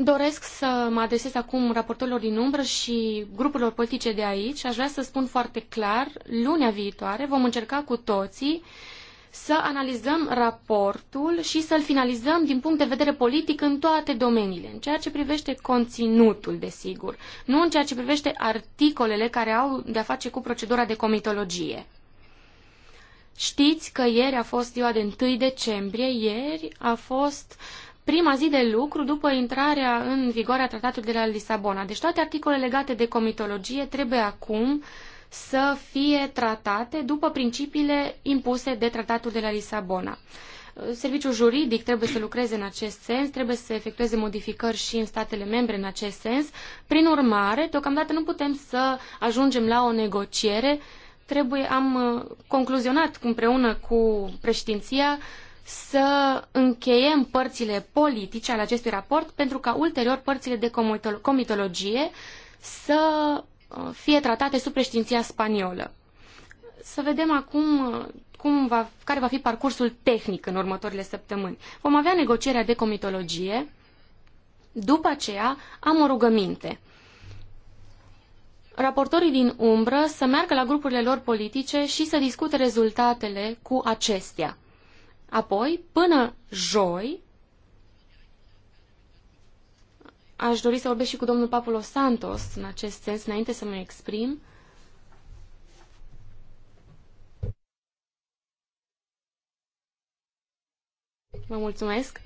Doresc să mă adresez acum raportorilor din umbră și grupurilor politice de aici. Aș vrea să spun foarte clar, lunea viitoare vom încerca cu toții să analizăm raportul și să-l finalizăm din punct de vedere politic în toate domeniile, în ceea ce privește conținutul, desigur, nu în ceea ce privește articolele care au de-a face cu procedura de comitologie. Știți că ieri a fost ziua de 1 decembrie, ieri a fost uh, prima zi de lucru după intrarea în vigoare a tratatului de la Lisabona. Deci toate articolele legate de comitologie trebuie acum să fie tratate după principiile impuse de tratatul de la Lisabona. Serviciul juridic trebuie să lucreze în acest sens, trebuie să efectueze modificări și în statele membre în acest sens. Prin urmare, deocamdată nu putem să ajungem la o negociere. Trebuie, am uh, concluzionat împreună cu președinția să încheiem părțile politice ale acestui raport pentru ca ulterior părțile de comitologie să uh, fie tratate sub președinția spaniolă. Să vedem acum uh, cum va, care va fi parcursul tehnic în următoarele săptămâni. Vom avea negocierea de comitologie. După aceea am o rugăminte. Raportorii din umbră să meargă la grupurile lor politice și să discute rezultatele cu acestea. Apoi, până joi, aș dori să vorbesc și cu domnul Papulo Santos în acest sens, înainte să mă exprim. Vă mulțumesc.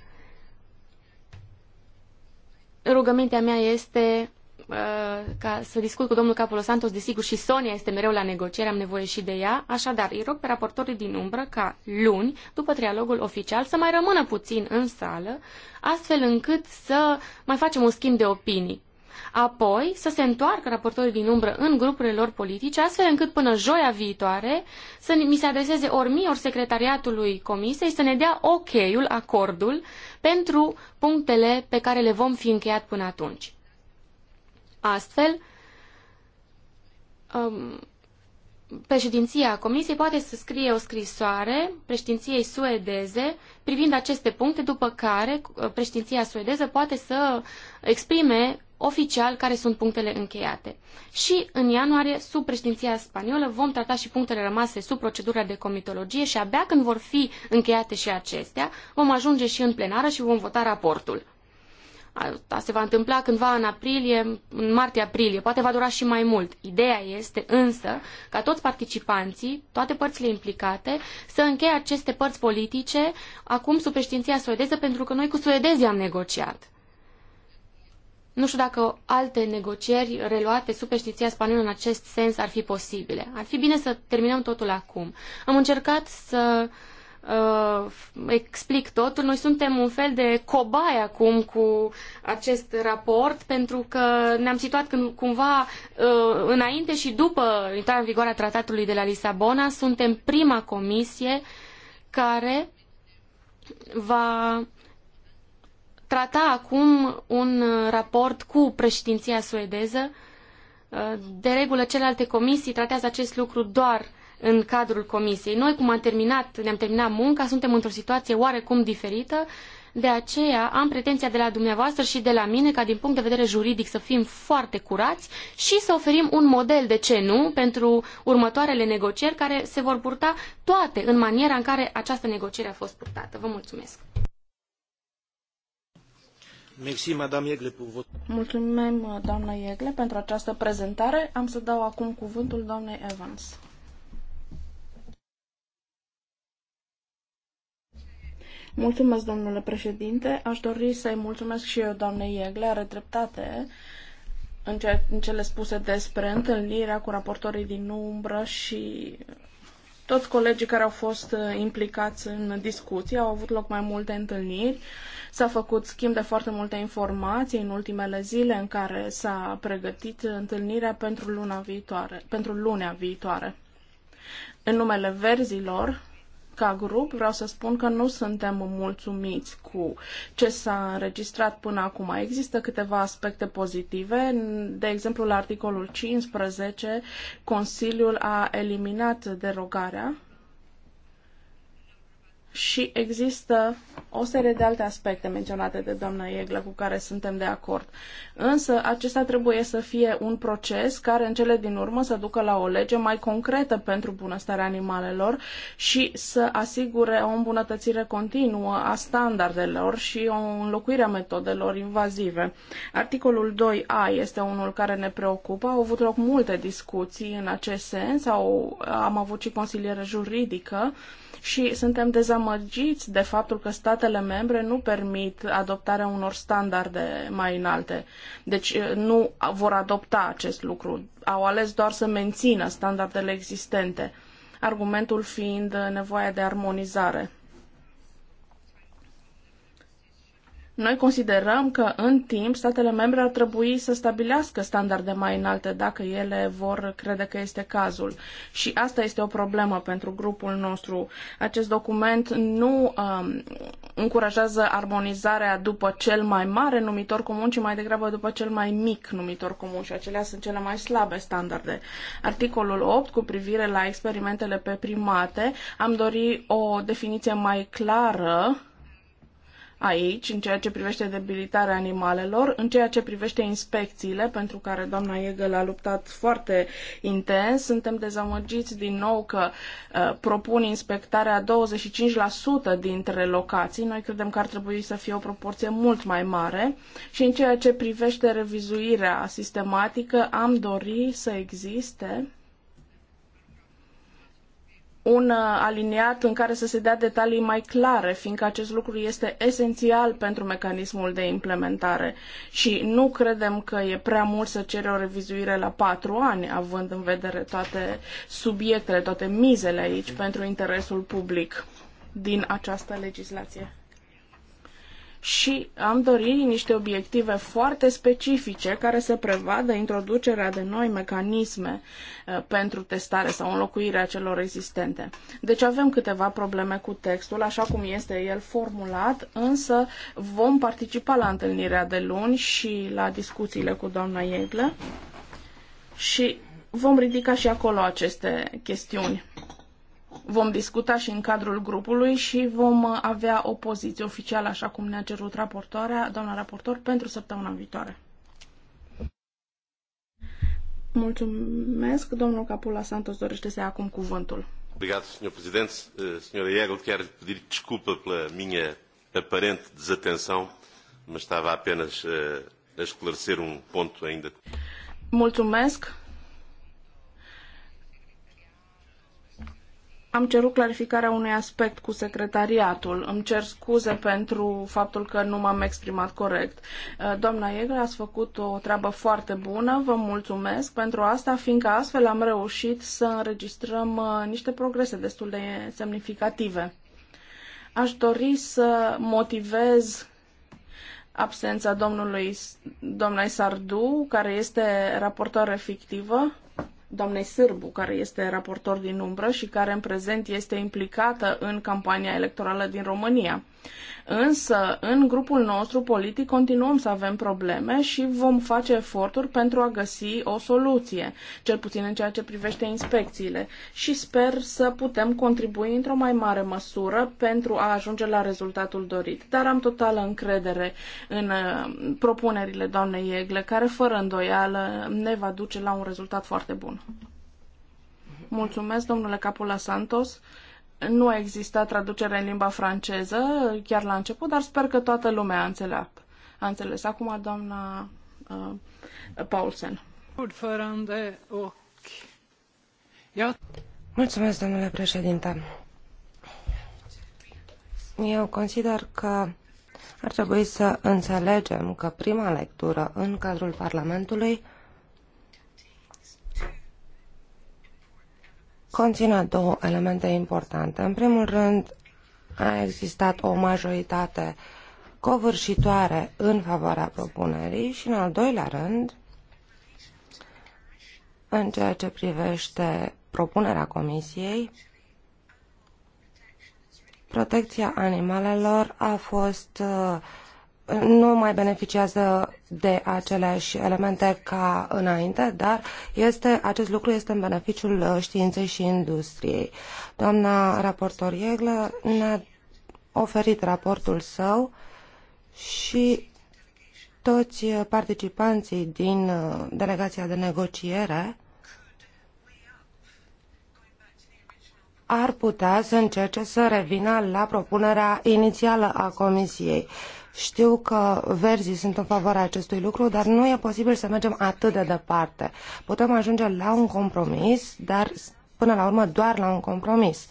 Rugămintea mea este Uh, ca să discut cu domnul Capolo Santos, desigur, și Sonia este mereu la negocieri, am nevoie și de ea. Așadar, îi rog pe raportorii din umbră ca luni, după trialogul oficial, să mai rămână puțin în sală, astfel încât să mai facem un schimb de opinii. Apoi să se întoarcă raportorii din umbră în grupurile lor politice, astfel încât până joia viitoare să mi se adreseze ori mie, ori secretariatului comisiei să ne dea ok-ul, acordul pentru punctele pe care le vom fi încheiat până atunci. Astfel, um, președinția Comisiei poate să scrie o scrisoare președinției suedeze privind aceste puncte, după care uh, președinția suedeză poate să exprime oficial care sunt punctele încheiate. Și în ianuarie, sub președinția spaniolă, vom trata și punctele rămase sub procedura de comitologie și abia când vor fi încheiate și acestea, vom ajunge și în plenară și vom vota raportul. Asta se va întâmpla cândva în aprilie, în martie-aprilie, poate va dura și mai mult. Ideea este însă ca toți participanții, toate părțile implicate, să încheie aceste părți politice acum sub președinția suedeză, pentru că noi cu suedezii am negociat. Nu știu dacă alte negocieri reluate sub președinția spaniolă în acest sens ar fi posibile. Ar fi bine să terminăm totul acum. Am încercat să uh, uh, explic totul. Noi suntem un fel de cobai acum cu acest raport pentru că ne-am situat când, cumva uh, înainte și după intrarea în vigoare a tratatului de la Lisabona. Suntem prima comisie care va trata acum un raport cu președinția suedeză. Uh, de regulă, celelalte comisii tratează acest lucru doar în cadrul comisiei. Noi, cum am terminat, ne-am terminat munca, suntem într-o situație oarecum diferită, de aceea am pretenția de la dumneavoastră și de la mine ca din punct de vedere juridic să fim foarte curați și să oferim un model, de ce nu, pentru următoarele negocieri care se vor purta toate în maniera în care această negociere a fost purtată. Vă mulțumesc! Mulțumim, doamna Iegle, pentru această prezentare. Am să dau acum cuvântul doamnei Evans. Mulțumesc, domnule președinte. Aș dori să-i mulțumesc și eu, doamnei Iegle, are dreptate în, ce, în cele spuse despre întâlnirea cu raportorii din umbră și toți colegii care au fost uh, implicați în discuții, au avut loc mai multe întâlniri, s-a făcut schimb de foarte multe informații în ultimele zile în care s-a pregătit întâlnirea pentru luna viitoare, pentru lunea viitoare. În numele verzilor, ca grup vreau să spun că nu suntem mulțumiți cu ce s-a înregistrat până acum. Există câteva aspecte pozitive. De exemplu, la articolul 15, Consiliul a eliminat derogarea și există o serie de alte aspecte menționate de doamna Ieglă cu care suntem de acord. Însă acesta trebuie să fie un proces care în cele din urmă să ducă la o lege mai concretă pentru bunăstarea animalelor și să asigure o îmbunătățire continuă a standardelor și o înlocuire a metodelor invazive. Articolul 2a este unul care ne preocupă. Au avut loc multe discuții în acest sens, au, am avut și consiliere juridică și suntem dezamăgiți de faptul că statele membre nu permit adoptarea unor standarde mai înalte. Deci eh, nu vor adopta acest lucru. Au ales doar să mențină standardele existente, argumentul fiind nevoia de armonizare. Noi considerăm că în timp statele membre ar trebui să stabilească standarde mai înalte dacă ele vor crede că este cazul. Și asta este o problemă pentru grupul nostru. Acest document nu um, încurajează armonizarea după cel mai mare numitor comun, ci mai degrabă după cel mai mic numitor comun și acelea sunt cele mai slabe standarde. Articolul 8 cu privire la experimentele pe primate, am dori o definiție mai clară aici, în ceea ce privește debilitarea animalelor, în ceea ce privește inspecțiile, pentru care doamna Iegel a luptat foarte intens. Suntem dezamăgiți din nou că uh, propun inspectarea 25% dintre locații. Noi credem că ar trebui să fie o proporție mult mai mare. Și în ceea ce privește revizuirea sistematică, am dori să existe un uh, aliniat în care să se dea detalii mai clare, fiindcă acest lucru este esențial pentru mecanismul de implementare și nu credem că e prea mult să cere o revizuire la patru ani, având în vedere toate subiectele, toate mizele aici pentru interesul public din această legislație și am dorit niște obiective foarte specifice care să prevadă introducerea de noi mecanisme uh, pentru testare sau înlocuirea celor existente. Deci avem câteva probleme cu textul, așa cum este el formulat, însă vom participa la întâlnirea de luni și la discuțiile cu doamna Iegle și vom ridica și acolo aceste chestiuni vom discuta și în cadrul grupului și vom avea o poziție oficială, așa cum ne-a cerut raportoarea, doamna raportor, pentru săptămâna viitoare. Mulțumesc. Domnul Capula Santos dorește să ia acum cuvântul. Obrigado, Sr. Presidente. Eh, Sra. Jägel, quero pedir desculpa pela minha aparente desatenção, mas estava apenas eh, a esclarecer um ponto ainda. Mulțumesc. Am cerut clarificarea unui aspect cu secretariatul. Îmi cer scuze pentru faptul că nu m-am exprimat corect. Uh, doamna Iegler, ați făcut o treabă foarte bună, vă mulțumesc pentru asta, fiindcă astfel am reușit să înregistrăm uh, niște progrese destul de semnificative. Aș dori să motivez absența domnului, domnului Sardu, care este raportoare fictivă, doamnei Sârbu, care este raportor din umbră și care în prezent este implicată în campania electorală din România. Însă, în grupul nostru politic continuăm să avem probleme și vom face eforturi pentru a găsi o soluție, cel puțin în ceea ce privește inspecțiile. Și sper să putem contribui într-o mai mare măsură pentru a ajunge la rezultatul dorit. Dar am totală încredere în uh, propunerile doamnei Egle, care fără îndoială ne va duce la un rezultat foarte bun. Mulțumesc, domnule Capula Santos nu exista traducere în limba franceză chiar la început, dar sper că toată lumea a înțeles. A înțeles. Acum doamna uh, Paulsen. Mulțumesc, domnule președinte. Eu consider că ar trebui să înțelegem că prima lectură în cadrul Parlamentului conține două elemente importante. În primul rând, a existat o majoritate covârșitoare în favoarea propunerii și, în al doilea rând, în ceea ce privește propunerea Comisiei, protecția animalelor a fost uh, nu mai beneficiază de aceleași elemente ca înainte, dar este, acest lucru este în beneficiul uh, științei și industriei. Doamna raportor Ieglă ne-a oferit raportul său și toți uh, participanții din uh, delegația de negociere ar putea să încerce să revină la propunerea inițială a Comisiei. Știu că verzii sunt în favoarea acestui lucru, dar nu e posibil să mergem atât de departe. Putem ajunge la un compromis, dar până la urmă doar la un compromis.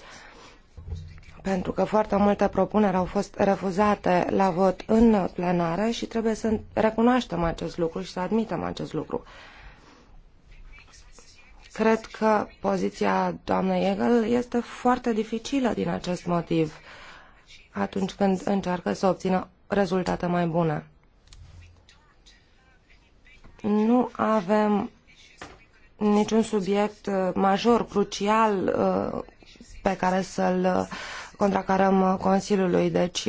Pentru că foarte multe propuneri au fost refuzate la vot în plenară și trebuie să recunoaștem acest lucru și să admitem acest lucru. Cred că poziția doamnei Egel este foarte dificilă din acest motiv atunci când încearcă să obțină rezultate mai bune. Nu avem niciun subiect uh, major, crucial, uh, pe care să-l uh, contracarăm Consiliului. Deci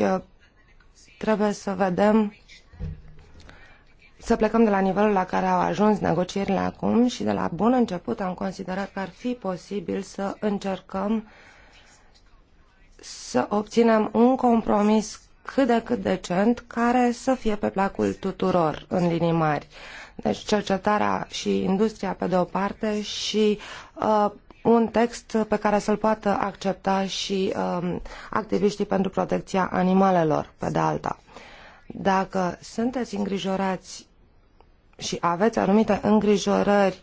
trebuie să vedem să plecăm de la nivelul la care au ajuns negocierile acum și de la bun început am considerat că ar fi posibil să încercăm să obținem un compromis cât de cât decent care să fie pe placul tuturor în linii mari. Deci cercetarea și industria pe de o parte și uh, un text pe care să-l poată accepta și uh, activiștii pentru protecția animalelor pe de alta. Dacă sunteți îngrijorați și aveți anumite îngrijorări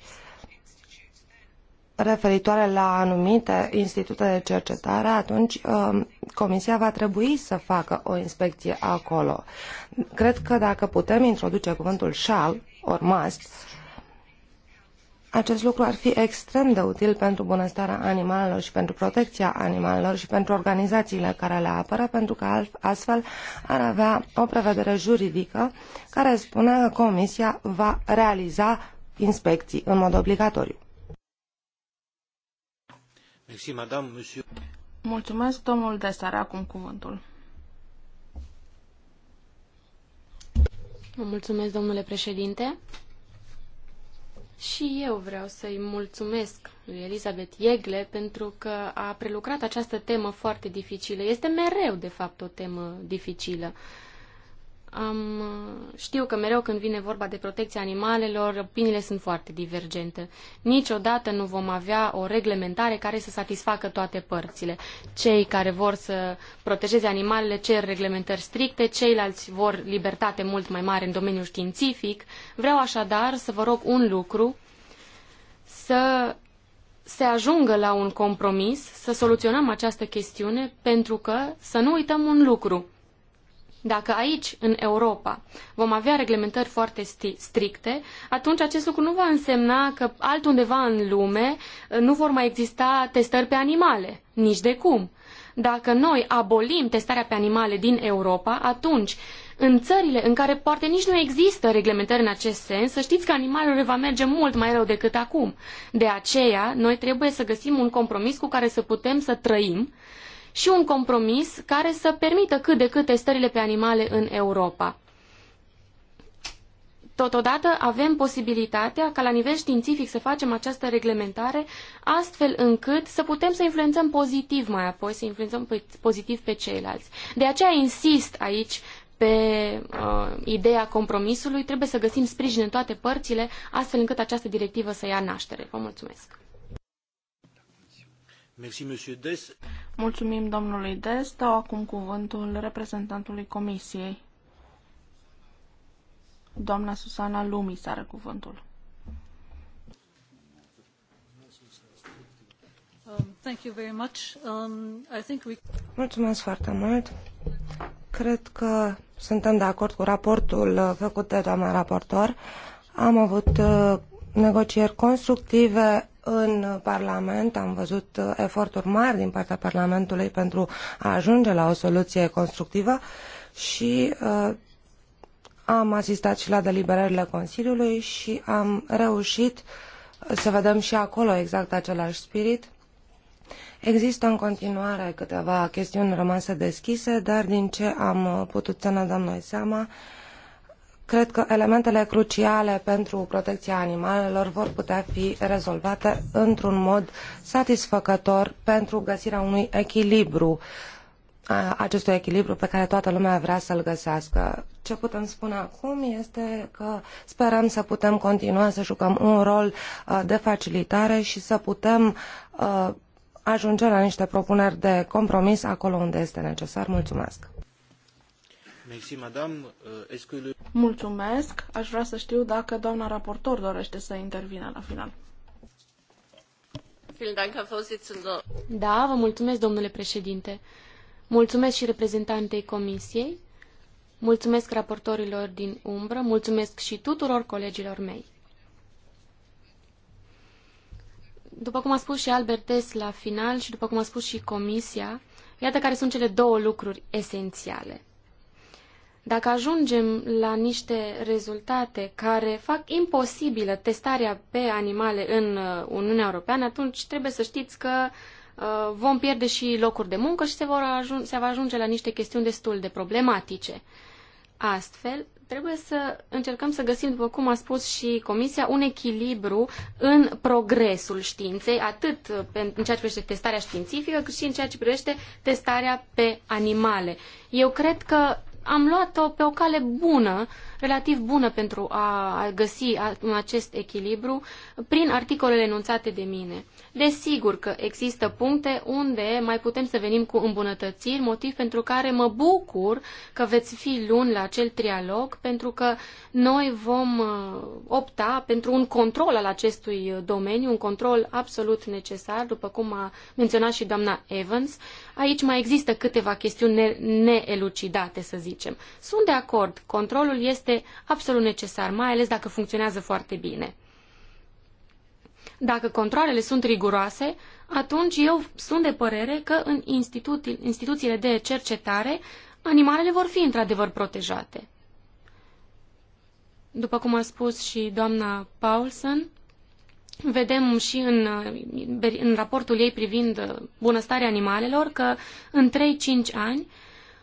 referitoare la anumite institute de cercetare, atunci um, Comisia va trebui să facă o inspecție acolo. Cred că dacă putem introduce cuvântul shall, or must, acest lucru ar fi extrem de util pentru bunăstarea animalelor și pentru protecția animalelor și pentru organizațiile care le apără, pentru că astfel ar avea o prevedere juridică care spune că Comisia va realiza inspecții în mod obligatoriu. Merci, madame, monsieur. Mulțumesc, domnul Desar, acum cuvântul. Mulțumesc, domnule președinte. Și eu vreau să-i mulțumesc lui Elizabeth Iegle pentru că a prelucrat această temă foarte dificilă. Este mereu, de fapt, o temă dificilă. Uh, am, uh, știu că mereu când vine vorba de protecția animalelor, opiniile sunt foarte divergente. Niciodată nu vom avea o reglementare care să satisfacă toate părțile. Cei care vor să protejeze animalele cer reglementări stricte, ceilalți vor libertate mult mai mare în domeniul științific. Vreau așadar să vă rog un lucru, să se ajungă la un compromis, să soluționăm această chestiune, pentru că să nu uităm un lucru – dacă aici, în Europa, vom avea reglementări foarte stricte, atunci acest lucru nu va însemna că altundeva în lume uh, nu vor mai exista testări pe animale, nici de cum. Dacă noi abolim testarea pe animale din Europa, atunci, în țările în care poate nici nu există reglementări în acest sens, să știți că animalele va merge mult mai rău decât acum. De aceea, noi trebuie să găsim un compromis cu care să putem să trăim, și un compromis care să permită cât de cât testările pe animale în Europa. Totodată avem posibilitatea ca la nivel științific să facem această reglementare astfel încât să putem să influențăm pozitiv mai apoi, să influențăm pozitiv pe ceilalți. De aceea insist aici pe uh, ideea compromisului. Trebuie să găsim sprijin în toate părțile astfel încât această directivă să ia naștere. Vă mulțumesc! Mulțumim domnului Des. Dau acum cuvântul reprezentantului Comisiei. Doamna Susana Lumis are cuvântul. Um, um, Mulțumesc foarte mult. Cred că suntem de acord cu raportul uh, făcut de doamna raportor. Am avut uh, negocieri constructive în Parlament am văzut uh, eforturi mari din partea Parlamentului pentru a ajunge la o soluție constructivă și uh, am asistat și la deliberările Consiliului și am reușit să vedem și acolo exact același spirit. Există în continuare câteva chestiuni rămase deschise, dar din ce am uh, putut să ne dăm noi seama, uh, cred că elementele cruciale pentru protecția animalelor vor putea fi rezolvate într-un mod satisfăcător pentru găsirea unui echilibru, acestui echilibru pe care toată lumea vrea să-l găsească. Ce putem spune acum este că sperăm să putem continua să jucăm un rol de facilitare și să putem ajunge la niște propuneri de compromis acolo unde este necesar. Mulțumesc! Euh, mulțumesc. Aș vrea să știu dacă doamna raportor dorește să intervină la final. Da, vă mulțumesc, domnule președinte. Mulțumesc și reprezentantei comisiei. Mulțumesc raportorilor din umbră, mulțumesc și tuturor colegilor mei. După cum a spus și Albert Des la final și după cum a spus și Comisia, iată care sunt cele două lucruri esențiale. Dacă ajungem la niște rezultate care fac imposibilă testarea pe animale în uh, Uniunea Europeană, atunci trebuie să știți că uh, vom pierde și locuri de muncă și se, vor se va ajunge la niște chestiuni destul de problematice. Astfel, trebuie să încercăm să găsim, după cum a spus și Comisia, un echilibru în progresul științei, atât uh, în ceea ce privește testarea științifică, cât și în ceea ce privește testarea pe animale. Eu cred că am luat-o pe o cale bună relativ bună pentru a găsi acest echilibru prin articolele enunțate de mine. Desigur că există puncte unde mai putem să venim cu îmbunătățiri, motiv pentru care mă bucur că veți fi luni la acel trialog, pentru că noi vom uh, opta pentru un control al acestui domeniu, un control absolut necesar, după cum a menționat și doamna Evans. Aici mai există câteva chestiuni neelucidate, să zicem. Sunt de acord, controlul este este absolut necesar, mai ales dacă funcționează foarte bine. Dacă controlele sunt riguroase, atunci eu sunt de părere că în instituțiile de cercetare animalele vor fi într-adevăr protejate. După cum a spus și doamna Paulson, vedem și în, în raportul ei privind bunăstarea animalelor că în 3-5 ani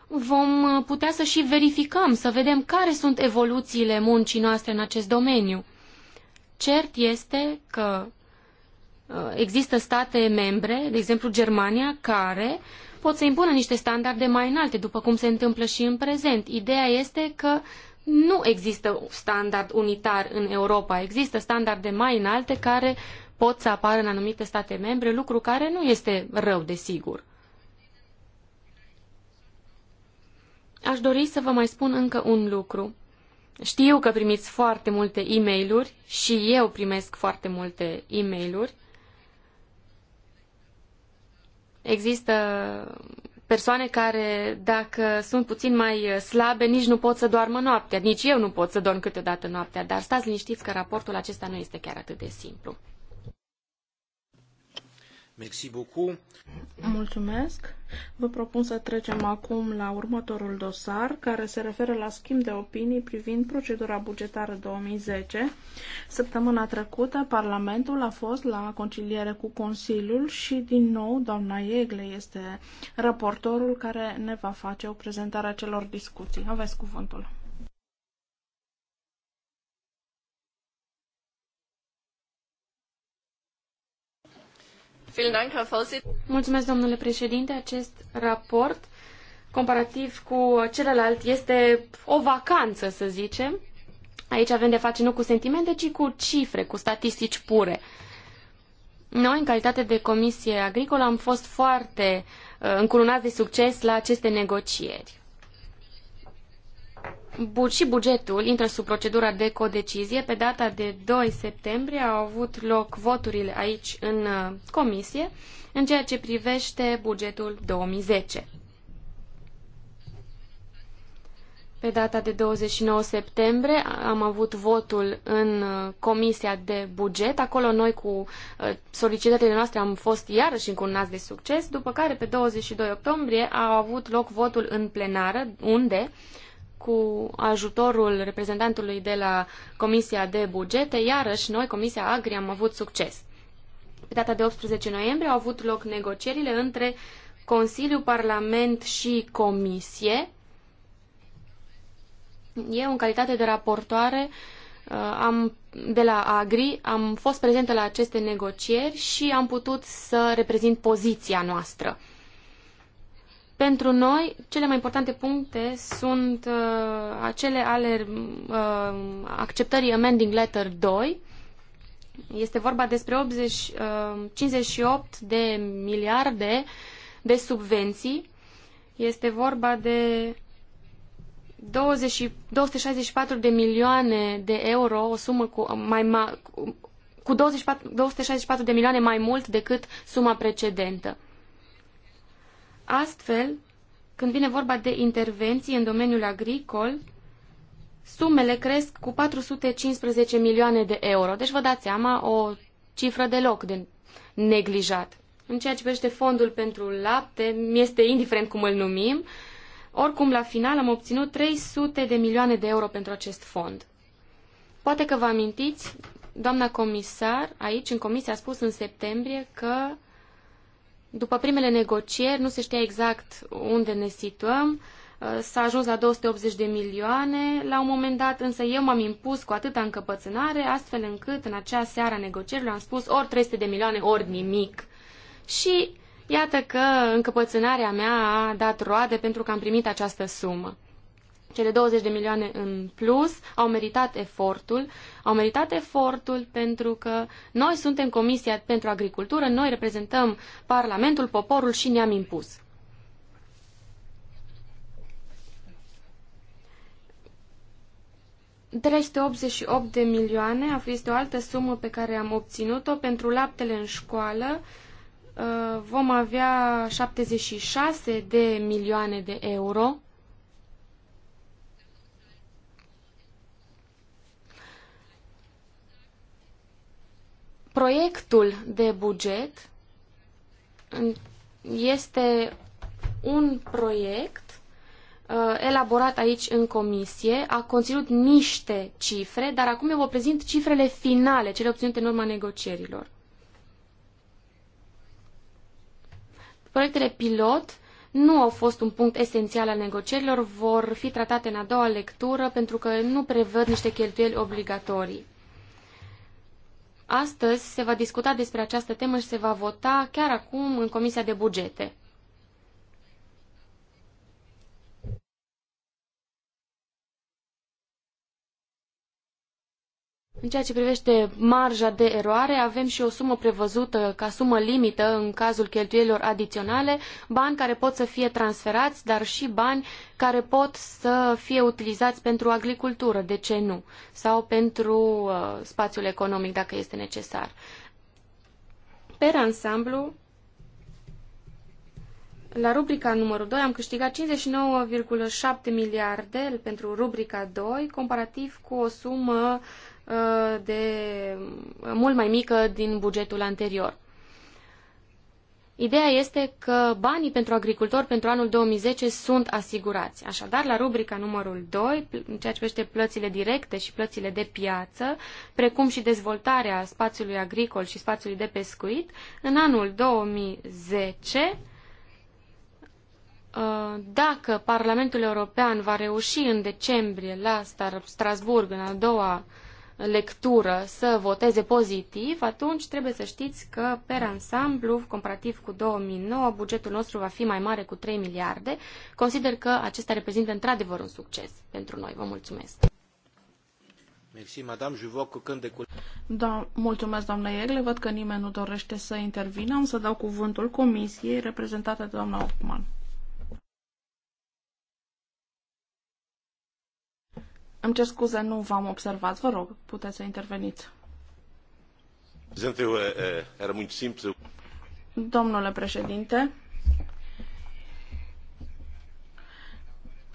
vom uh, putea să și verificăm, să vedem care sunt evoluțiile muncii noastre în acest domeniu. Cert este că uh, există state membre, de exemplu Germania, care pot să impună niște standarde mai înalte, după cum se întâmplă și în prezent. Ideea este că nu există standard unitar în Europa, există standarde mai înalte care pot să apară în anumite state membre, lucru care nu este rău, desigur. Aș dori să vă mai spun încă un lucru. Știu că primiți foarte multe e mail și eu primesc foarte multe e mail -uri. Există persoane care, dacă sunt puțin mai slabe, nici nu pot să doarmă noaptea. Nici eu nu pot să dorm câteodată noaptea, dar stați liniștiți că raportul acesta nu este chiar atât de simplu. Merci beaucoup. Mulțumesc. Vă propun să trecem acum la următorul dosar, care se referă la schimb de opinii privind procedura bugetară 2010. Săptămâna trecută, Parlamentul a fost la conciliere cu Consiliul și, din nou, doamna Iegle este raportorul care ne va face o prezentare a celor discuții. Aveți cuvântul. Mulțumesc, domnule președinte. Acest raport, comparativ cu celălalt, este o vacanță, să zicem. Aici avem de face nu cu sentimente, ci cu cifre, cu statistici pure. Noi, în calitate de Comisie Agricolă, am fost foarte uh, încurunați de succes la aceste negocieri bu- și bugetul intră sub procedura de codecizie. Pe data de 2 septembrie au avut loc voturile aici în uh, comisie în ceea ce privește bugetul 2010. Pe data de 29 septembrie am avut votul în uh, Comisia de Buget. Acolo noi cu uh, solicitările noastre am fost iarăși încurnați de succes, după care pe 22 octombrie a avut loc votul în plenară, unde uh, cu ajutorul reprezentantului de la Comisia de Bugete, iarăși noi, Comisia Agri, am avut succes. Pe data de 18 noiembrie au avut loc negocierile între Consiliu, Parlament și Comisie. Eu, în calitate de raportoare uh, am, de la Agri, am fost prezentă la aceste negocieri și am putut să reprezint poziția noastră. Pentru noi, cele mai importante puncte sunt uh, acele ale uh, acceptării Amending Letter 2. Este vorba despre 80, uh, 58 de miliarde de subvenții. Este vorba de 20, 264 de milioane de euro, o sumă cu, mai ma, cu 24, 264 de milioane mai mult decât suma precedentă. Astfel, când vine vorba de intervenții în domeniul agricol, sumele cresc cu 415 milioane de euro. Deci vă dați seama, o cifră deloc de neglijat. În ceea ce privește fondul pentru lapte, mi-este indiferent cum îl numim, oricum la final am obținut 300 de milioane de euro pentru acest fond. Poate că vă amintiți, doamna comisar aici în comisie a spus în septembrie că după primele negocieri, nu se știa exact unde ne situăm, uh, s-a ajuns la 280 de milioane la un moment dat, însă eu m-am impus cu atâta încăpățânare, astfel încât în acea seară a negocierilor am spus ori 300 de milioane, ori nimic. Și iată că încăpățânarea mea a dat roade pentru că am primit această sumă. Cele 20 de milioane în plus au meritat efortul, au meritat efortul pentru că noi suntem Comisia pentru Agricultură, noi reprezentăm Parlamentul, poporul și ne-am impus. 88 de milioane a fost o altă sumă pe care am obținut-o pentru laptele în școală. Uh, vom avea 76 de milioane de euro. Proiectul de buget este un proiect uh, elaborat aici în comisie, a conținut niște cifre, dar acum eu vă prezint cifrele finale, cele obținute în urma negocierilor. Proiectele pilot nu au fost un punct esențial al negocierilor, vor fi tratate în a doua lectură pentru că nu prevăd niște cheltuieli obligatorii. Astăzi se va discuta despre această temă și se va vota chiar acum în Comisia de Bugete. În ceea ce privește marja de eroare, avem și o sumă prevăzută ca sumă limită în cazul cheltuielilor adiționale, bani care pot să fie transferați, dar și bani care pot să fie utilizați pentru agricultură, de ce nu, sau pentru uh, spațiul economic, dacă este necesar. Per ansamblu, la rubrica numărul 2 am câștigat 59,7 miliarde pentru rubrica 2, comparativ cu o sumă Uh, de uh, mult mai mică din bugetul anterior. Ideea este că banii pentru agricultori pentru anul 2010 sunt asigurați. Așadar, la rubrica numărul 2, în ceea ce privește plățile directe și plățile de piață, precum și dezvoltarea spațiului agricol și spațiului de pescuit, în anul 2010, uh, dacă Parlamentul European va reuși în decembrie la Strasbourg, în a doua lectură să voteze pozitiv, atunci trebuie să știți că, per ansamblu, comparativ cu 2009, bugetul nostru va fi mai mare cu 3 miliarde. Consider că acesta reprezintă într-adevăr un succes pentru noi. Vă mulțumesc! Da, mulțumesc, doamna Iegle. Văd că nimeni nu dorește să intervină. Am să dau cuvântul comisiei reprezentată de doamna Hoffman. Îmi cer scuze, nu v-am observat. Vă rog, puteți să interveniți. Eh, eh, Domnule președinte,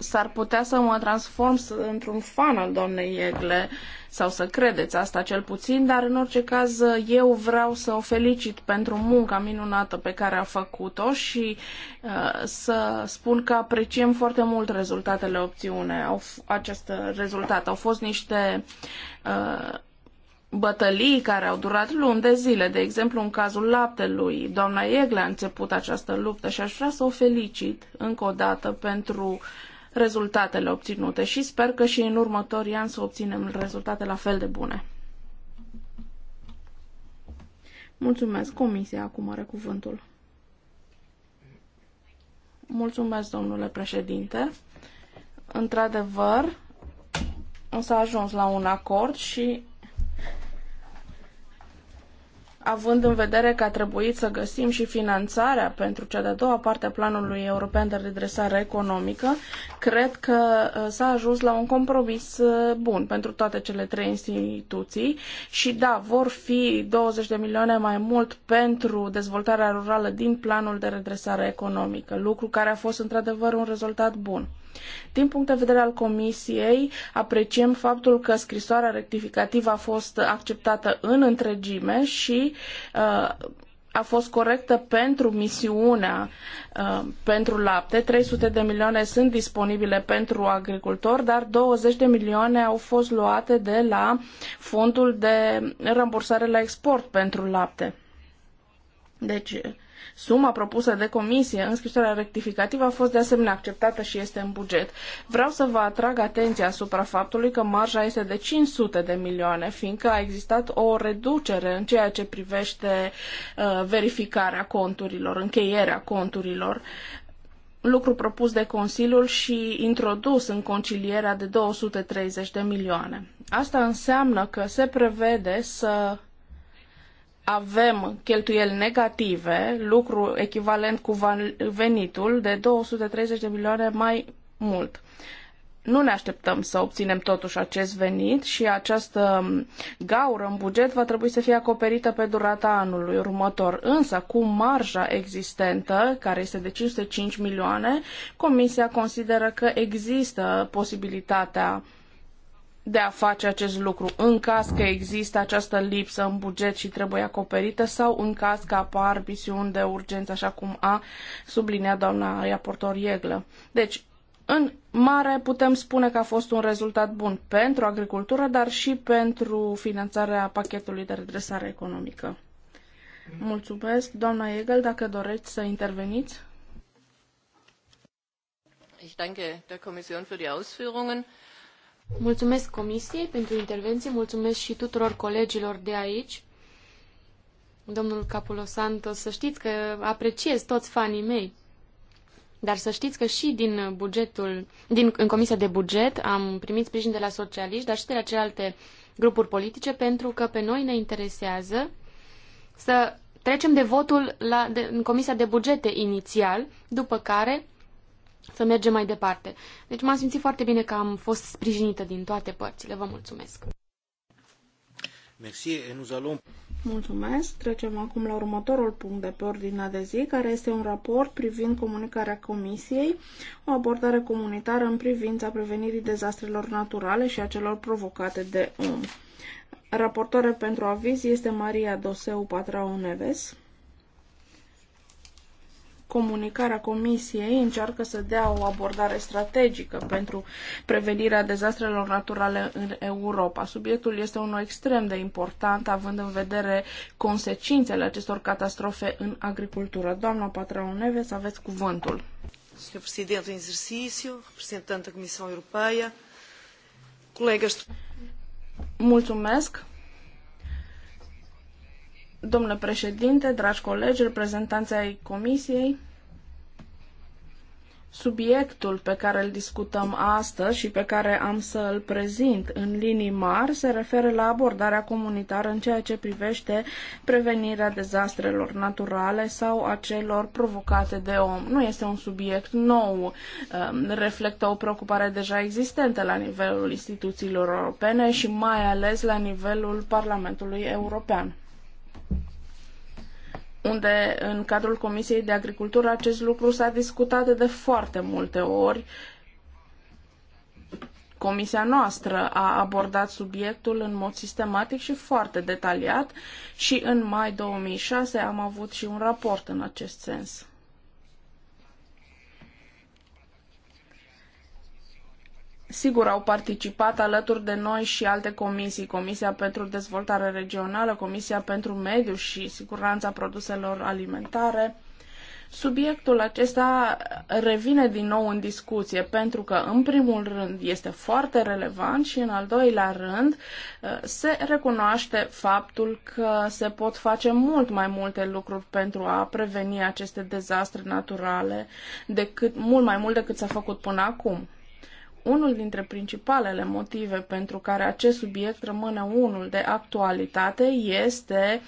s-ar putea să mă transform într-un fan al doamnei Iegle, sau să credeți asta cel puțin, dar în orice caz eu vreau să o felicit pentru munca minunată pe care a făcut-o și uh, să spun că apreciem foarte mult rezultatele obțiune. Au, acest rezultat au fost niște uh, bătălii care au durat luni de zile, de exemplu în cazul laptelui. Doamna Iegle a început această luptă și aș vrea să o felicit încă o dată pentru uh, rezultatele obținute și sper că și în următorii ani să obținem rezultate la fel de bune. Mulțumesc. Comisia acum are cuvântul. Mulțumesc, domnule președinte. Într-adevăr, s-a ajuns la un acord și având în vedere că a trebuit să găsim și finanțarea pentru cea de-a doua parte a Planului European de Redresare Economică, cred că uh, s-a ajuns la un compromis uh, bun pentru toate cele trei instituții și da, vor fi 20 de milioane mai mult pentru dezvoltarea rurală din Planul de Redresare Economică, lucru care a fost într-adevăr un rezultat bun. Din punct de vedere al Comisiei, apreciem faptul că scrisoarea rectificativă a fost acceptată în întregime și uh, a fost corectă pentru misiunea uh, pentru lapte. 300 de milioane sunt disponibile pentru agricultori, dar 20 de milioane au fost luate de la fondul de rambursare la export pentru lapte. Deci, Suma propusă de comisie în scrisoarea rectificativă a fost de asemenea acceptată și este în buget. Vreau să vă atrag atenția asupra faptului că marja este de 500 de milioane, fiindcă a existat o reducere în ceea ce privește uh, verificarea conturilor, încheierea conturilor lucru propus de Consiliul și introdus în concilierea de 230 de milioane. Asta înseamnă că se prevede să avem cheltuieli negative, lucru echivalent cu venitul de 230 de milioane mai mult. Nu ne așteptăm să obținem totuși acest venit și această gaură în buget va trebui să fie acoperită pe durata anului următor. Însă, cu marja existentă, care este de 505 milioane, Comisia consideră că există posibilitatea de a face acest lucru în caz că există această lipsă în buget și trebuie acoperită sau în caz că apar misiuni de urgență, așa cum a subliniat doamna raportor Ieglă. Deci, în mare putem spune că a fost un rezultat bun pentru agricultură, dar și pentru finanțarea pachetului de redresare economică. Mulțumesc. Doamna Egel, dacă doreți să interveniți. Ich danke der Kommission für die Ausführungen. Mulțumesc Comisiei pentru intervenție, mulțumesc și tuturor colegilor de aici. Domnul Capulosantos, să știți că apreciez toți fanii mei. Dar să știți că și din bugetul, din, în Comisia de Buget am primit sprijin de la socialiști, dar și de la celelalte grupuri politice, pentru că pe noi ne interesează să trecem de votul la, de, în Comisia de Bugete inițial, după care să mergem mai departe. Deci m-am simțit foarte bine că am fost sprijinită din toate părțile. Vă mulțumesc! Mulțumesc. Trecem acum la următorul punct de pe ordinea de zi, care este un raport privind comunicarea Comisiei, o abordare comunitară în privința prevenirii dezastrelor naturale și a celor provocate de om. Raportoare pentru aviz este Maria Doseu Patrao Neves comunicarea Comisiei încearcă să dea o abordare strategică pentru prevenirea dezastrelor naturale în Europa. Subiectul este unul extrem de important, având în vedere consecințele acestor catastrofe în agricultură. Doamna Patrão Neves, aveți cuvântul. Sr. Presidente em exercício, representante Comisiei da Comissão colegi, Mulțumesc, Domnule președinte, dragi colegi, reprezentanții ai Comisiei, subiectul pe care îl discutăm astăzi și pe care am să îl prezint în linii mari se referă la abordarea comunitară în ceea ce privește prevenirea dezastrelor naturale sau a celor provocate de om. Nu este un subiect nou, ehm, reflectă o preocupare deja existentă la nivelul instituțiilor europene și mai ales la nivelul Parlamentului European unde în cadrul Comisiei de Agricultură acest lucru s-a discutat de foarte multe ori. Comisia noastră a abordat subiectul în mod sistematic și foarte detaliat și în mai 2006 am avut și un raport în acest sens. Sigur, au participat alături de noi și alte comisii, Comisia pentru Dezvoltare Regională, Comisia pentru Mediu și Siguranța Produselor Alimentare. Subiectul acesta revine din nou în discuție pentru că, în primul rând, este foarte relevant și, în al doilea rând, se recunoaște faptul că se pot face mult mai multe lucruri pentru a preveni aceste dezastre naturale, decât, mult mai mult decât s-a făcut până acum. Unul dintre principalele motive pentru care acest subiect rămâne unul de actualitate este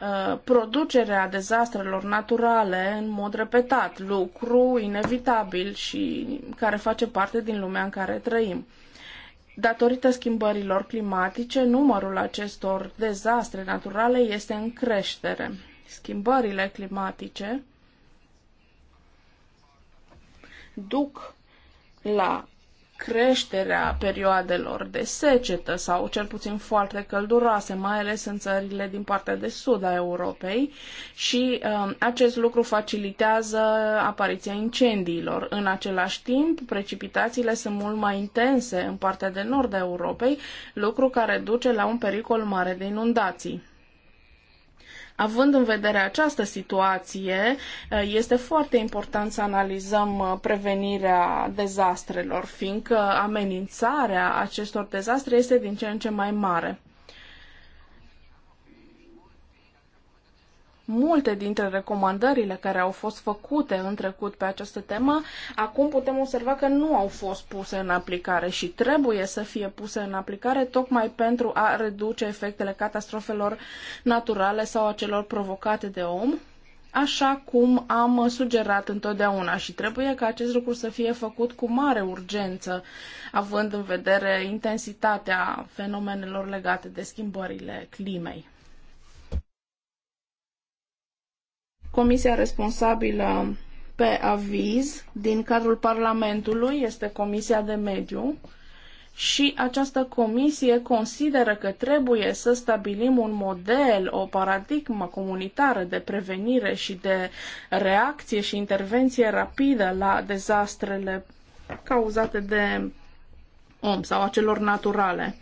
uh, producerea dezastrelor naturale în mod repetat, lucru inevitabil și care face parte din lumea în care trăim. Datorită schimbărilor climatice, numărul acestor dezastre naturale este în creștere. Schimbările climatice duc la creșterea perioadelor de secetă sau cel puțin foarte călduroase, mai ales în țările din partea de sud a Europei și uh, acest lucru facilitează apariția incendiilor. În același timp, precipitațiile sunt mult mai intense în partea de nord a Europei, lucru care duce la un pericol mare de inundații. Având în vedere această situație, eh, este foarte important să analizăm eh, prevenirea dezastrelor, fiindcă amenințarea acestor dezastre este din ce în ce mai mare. Multe dintre recomandările care au fost făcute în trecut pe această temă, acum putem observa că nu au fost puse în aplicare și trebuie să fie puse în aplicare tocmai pentru a reduce efectele catastrofelor naturale sau a celor provocate de om, așa cum am sugerat întotdeauna și trebuie ca acest lucru să fie făcut cu mare urgență, având în vedere intensitatea fenomenelor legate de schimbările climei. Comisia responsabilă pe aviz din cadrul Parlamentului este Comisia de Mediu și această comisie consideră că trebuie să stabilim un model, o paradigmă comunitară de prevenire și de reacție și intervenție rapidă la dezastrele cauzate de om sau acelor naturale.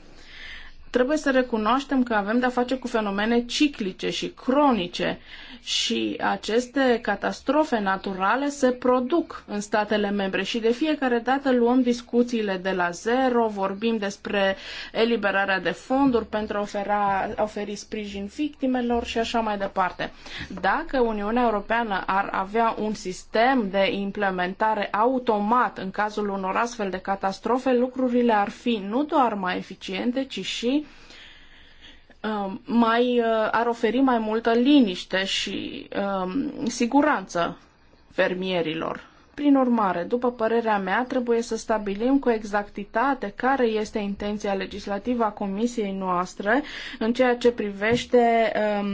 Trebuie să recunoaștem că avem de-a face cu fenomene ciclice și cronice, uh, și aceste catastrofe naturale se produc în statele membre și de fiecare dată luăm discuțiile de la zero, vorbim despre eliberarea de fonduri pentru a oferi sprijin victimelor și așa mai departe. Dacă Uniunea Europeană ar avea un sistem de implementare automat în cazul unor astfel de catastrofe, lucrurile ar fi nu doar mai eficiente, ci și Um, mai, uh, ar oferi mai multă liniște și um, siguranță fermierilor. Prin urmare, după părerea mea, trebuie să stabilim cu exactitate care este intenția legislativă a Comisiei noastre în ceea ce privește um,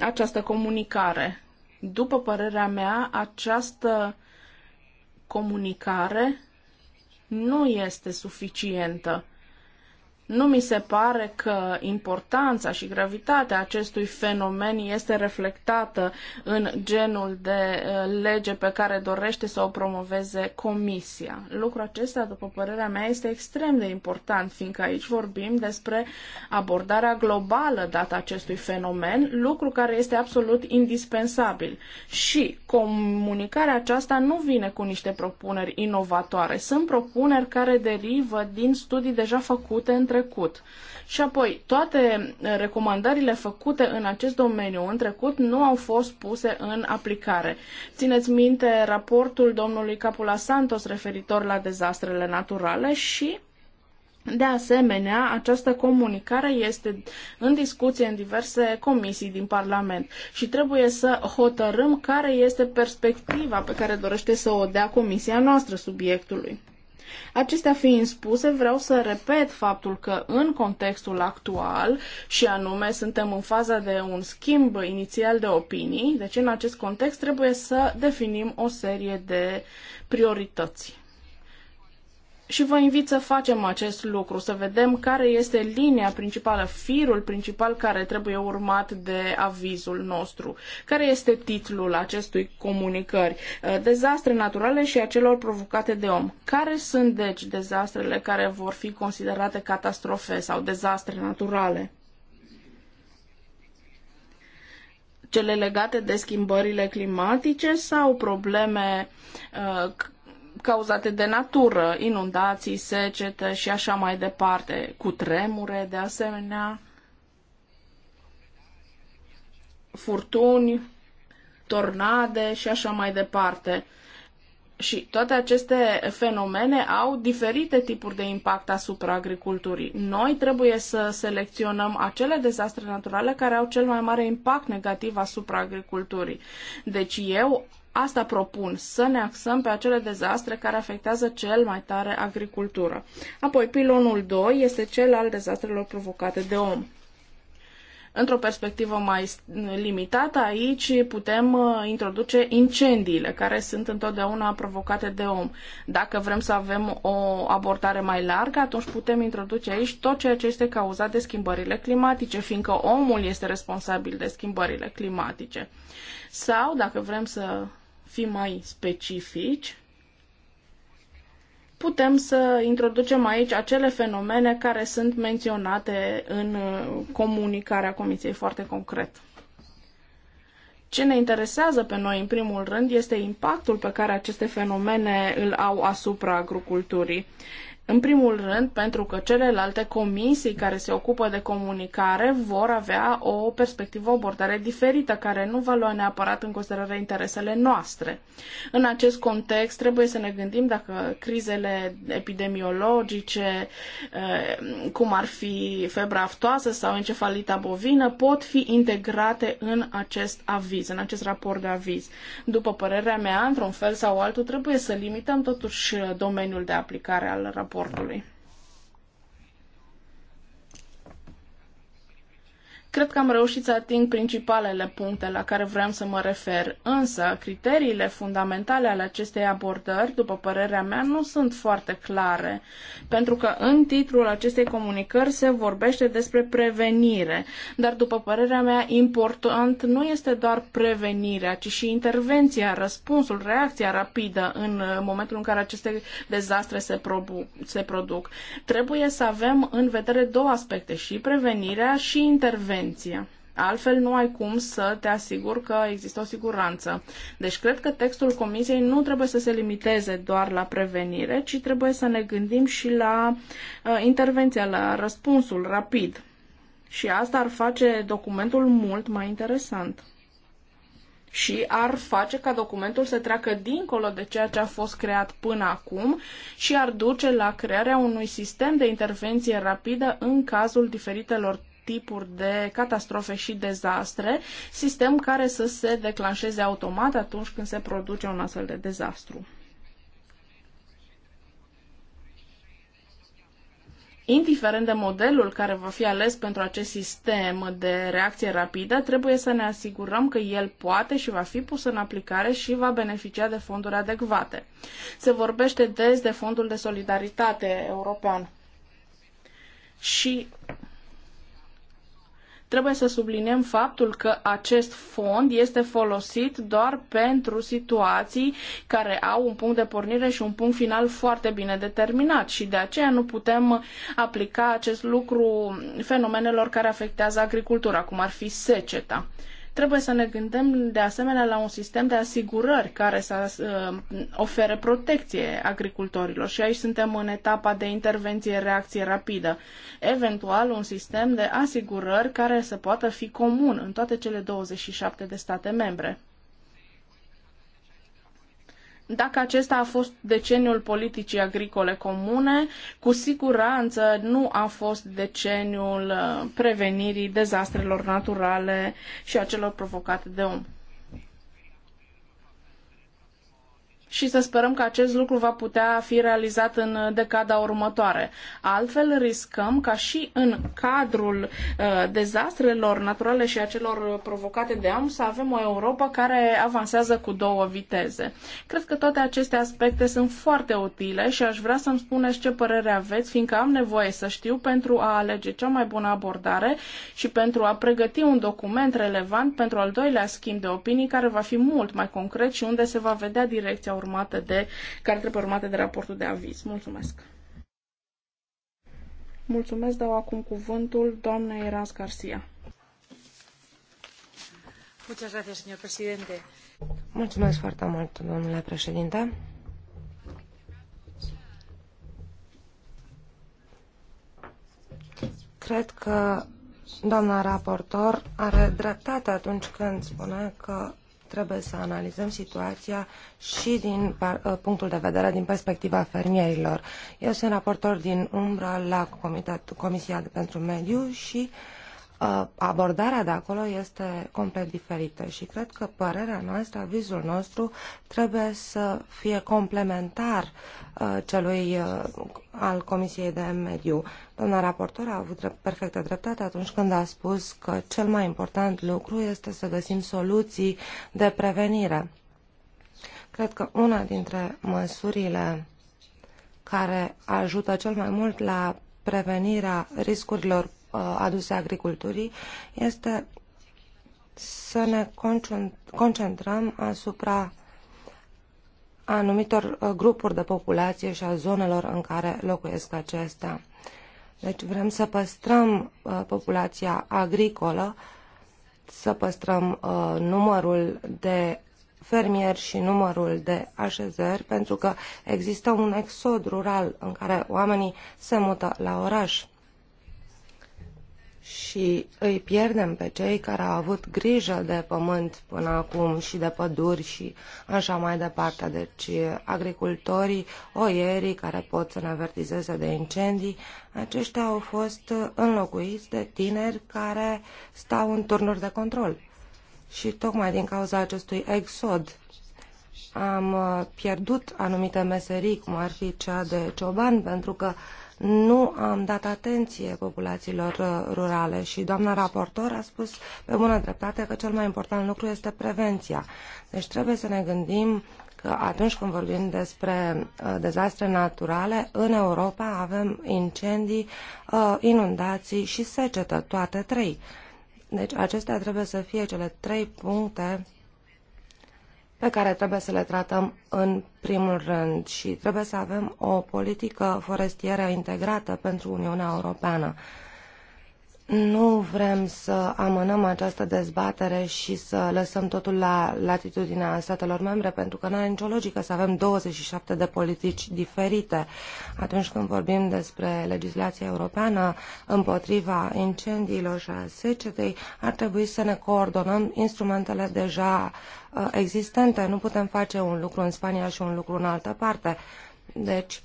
această comunicare. După părerea mea, această comunicare nu este suficientă. Nu mi se pare că importanța și gravitatea acestui fenomen este reflectată în genul de uh, lege pe care dorește să o promoveze Comisia. Lucrul acesta, după părerea mea, este extrem de important, fiindcă aici vorbim despre abordarea globală dată acestui fenomen, lucru care este absolut indispensabil. Și comunicarea aceasta nu vine cu niște propuneri inovatoare. Sunt propuneri care derivă din studii deja făcute între trecut. Și apoi, toate eh, recomandările făcute în acest domeniu în trecut nu au fost puse în aplicare. Țineți minte raportul domnului Capula Santos referitor la dezastrele naturale și de asemenea, această comunicare este în discuție în diverse comisii din Parlament și trebuie să hotărâm care este perspectiva pe care dorește să o dea comisia noastră subiectului. Acestea fiind spuse, vreau să repet faptul că în contextul actual, și anume suntem în faza de un schimb inițial de opinii, deci în acest context trebuie să definim o serie de priorități și vă invit să facem acest lucru, să vedem care este linia principală, firul principal care trebuie urmat de avizul nostru. Care este titlul acestui comunicări? Uh, dezastre naturale și acelor provocate de om. Care sunt, deci, dezastrele care vor fi considerate catastrofe sau dezastre naturale? Cele legate de schimbările climatice sau probleme uh, cauzate de natură, inundații, secetă și așa mai departe, cu tremure de asemenea, furtuni, tornade și așa mai departe. Și toate aceste fenomene au diferite tipuri de impact asupra agriculturii. Noi trebuie să selecționăm acele dezastre naturale care au cel mai mare impact negativ asupra agriculturii. Deci eu Asta propun, să ne axăm pe acele dezastre care afectează cel mai tare agricultura. Apoi, pilonul 2 este cel al dezastrelor provocate de om. Într-o perspectivă mai limitată, aici putem uh, introduce incendiile, care sunt întotdeauna provocate de om. Dacă vrem să avem o abordare mai largă, atunci putem introduce aici tot ceea ce este cauzat de schimbările climatice, fiindcă omul este responsabil de schimbările climatice. Sau, dacă vrem să fi mai specifici, putem să introducem aici acele fenomene care sunt menționate în uh, comunicarea Comisiei foarte concret. Ce ne interesează pe noi, în primul rând, este impactul pe care aceste fenomene îl au asupra agriculturii. În primul rând, pentru că celelalte comisii care se ocupă de comunicare vor avea o perspectivă, o abordare diferită, care nu va lua neapărat în considerare interesele noastre. În acest context, trebuie să ne gândim dacă crizele epidemiologice, eh, cum ar fi febra aftoasă sau encefalita bovină, pot fi integrate în acest aviz, în acest raport de aviz. După părerea mea, într-un fel sau altul, trebuie să limităm totuși domeniul de aplicare al raportului raportului. Cred că am reușit să ating principalele puncte la care vreau să mă refer, însă criteriile fundamentale ale acestei abordări, după părerea mea, nu sunt foarte clare, pentru că în titlul acestei comunicări se vorbește despre prevenire, dar după părerea mea important nu este doar prevenirea, ci și intervenția, răspunsul, reacția rapidă în uh, momentul în care aceste dezastre se, se produc. Trebuie să avem în vedere două aspecte, și prevenirea și intervenția atenție. Altfel nu ai cum să te asiguri că există o siguranță. Deci cred că textul comisiei nu trebuie să se limiteze doar la prevenire, ci trebuie să ne gândim și la uh, intervenția, la răspunsul rapid. Și asta ar face documentul mult mai interesant. Și ar face ca documentul să treacă dincolo de ceea ce a fost creat până acum și ar duce la crearea unui sistem de intervenție rapidă în cazul diferitelor tipuri de catastrofe și dezastre, sistem care să se declanșeze automat atunci când se produce un astfel de dezastru. indiferent de modelul care va fi ales pentru acest sistem de reacție rapidă, trebuie să ne asigurăm că el poate și va fi pus în aplicare și va beneficia de fonduri adecvate. Se vorbește des de Fondul de Solidaritate European. Și Trebuie să subliniem faptul că acest fond este folosit doar pentru situații care au un punct de pornire și un punct final foarte bine determinat și de aceea nu putem aplica acest lucru fenomenelor care afectează agricultura, cum ar fi seceta. Trebuie să ne gândim de asemenea la un sistem de asigurări care să uh, ofere protecție agricultorilor și aici suntem în etapa de intervenție-reacție rapidă. Eventual un sistem de asigurări care să poată fi comun în toate cele 27 de state membre. Dacă acesta a fost deceniul politicii agricole comune, cu siguranță nu a fost deceniul uh, prevenirii dezastrelor naturale și a celor provocate de om. și să sperăm că acest lucru va putea fi realizat în decada următoare. Altfel riscăm ca și în cadrul uh, dezastrelor naturale și acelor provocate de am să avem o Europa care avansează cu două viteze. Cred că toate aceste aspecte sunt foarte utile și aș vrea să-mi spuneți ce părere aveți, fiindcă am nevoie să știu pentru a alege cea mai bună abordare și pentru a pregăti un document relevant pentru al doilea schimb de opinii care va fi mult mai concret și unde se va vedea direcția urmată de, care trebuie urmată de raportul de aviz. Mulțumesc! Mulțumesc, dau acum cuvântul doamnei Eras Garcia. Muchas gracias, señor presidente. Mulțumesc foarte mult, domnule președinte. Cred că doamna raportor are dreptate atunci când spune că trebuie să analizăm situația și din uh, punctul de vedere, din perspectiva fermierilor. Eu sunt raportor din Umbra la Comisia pentru Mediu și uh, Uh, abordarea de acolo este complet diferită și cred că părerea noastră, avizul nostru, trebuie să fie complementar uh, celui uh, al Comisiei de Mediu. Doamna raportor a avut perfectă dreptate atunci când a spus că cel mai important lucru este să găsim soluții de prevenire. Cred că una dintre măsurile care ajută cel mai mult la prevenirea riscurilor Uh, aduse agriculturii este să ne concentrăm asupra anumitor uh, grupuri de populație și a zonelor în care locuiesc acestea. Deci vrem să păstrăm uh, populația agricolă, să păstrăm numărul de fermieri și numărul de așezări, pentru că există un exod rural în care oamenii se mută la oraș și îi pierdem pe cei care au avut grijă de pământ până acum și de păduri și așa mai departe. Deci agricultorii, oierii care pot să ne avertizeze de incendii, aceștia au fost înlocuiți de tineri care stau în turnuri de control. Și tocmai din cauza acestui exod am pierdut anumite meserii, cum ar fi cea de cioban, pentru că nu am dat atenție populațiilor uh, rurale și doamna raportor a spus pe bună dreptate că cel mai important lucru este prevenția. Deci trebuie să ne gândim că atunci când vorbim despre uh, dezastre naturale, în Europa avem incendii, uh, inundații și secetă, toate trei. Deci acestea trebuie să fie cele trei puncte pe care trebuie să le tratăm în primul rând și trebuie să avem o politică forestieră integrată pentru Uniunea Europeană. Nu vrem să amânăm această dezbatere și să lăsăm totul la latitudinea statelor membre, pentru că nu are nicio logică să avem 27 de politici diferite atunci când vorbim despre legislația europeană împotriva incendiilor și a secetei. Ar trebui să ne coordonăm instrumentele deja uh, existente. Nu putem face un lucru în Spania și un lucru în altă parte. Deci,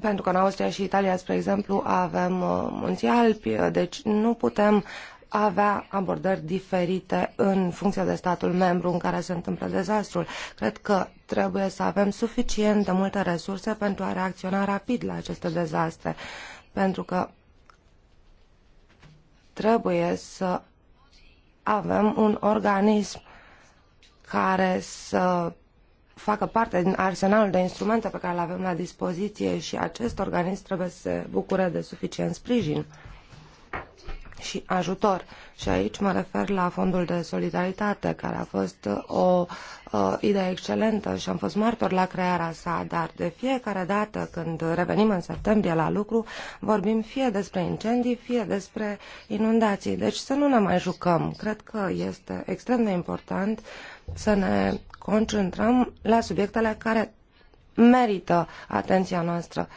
pentru că în Austria și Italia, spre exemplu, avem uh, munții alpi, uh, deci nu putem avea abordări diferite în funcție de statul membru în care se întâmplă dezastrul. Cred că trebuie să avem suficient de multe resurse pentru a reacționa rapid la aceste dezastre, pentru că trebuie să avem un organism care să facă parte din arsenalul de instrumente pe care le avem la dispoziție și acest organism trebuie să se bucure de suficient sprijin și ajutor. Și aici mă refer la fondul de solidaritate, care a fost uh, o o uh, idee excelentă și am fost martor la crearea sa, dar de fiecare dată când revenim în septembrie la lucru, vorbim fie despre incendii, fie despre inundații. Deci să nu ne mai jucăm. Cred că este extrem de important uh, să ne concentrăm la subiectele care merită atenția noastră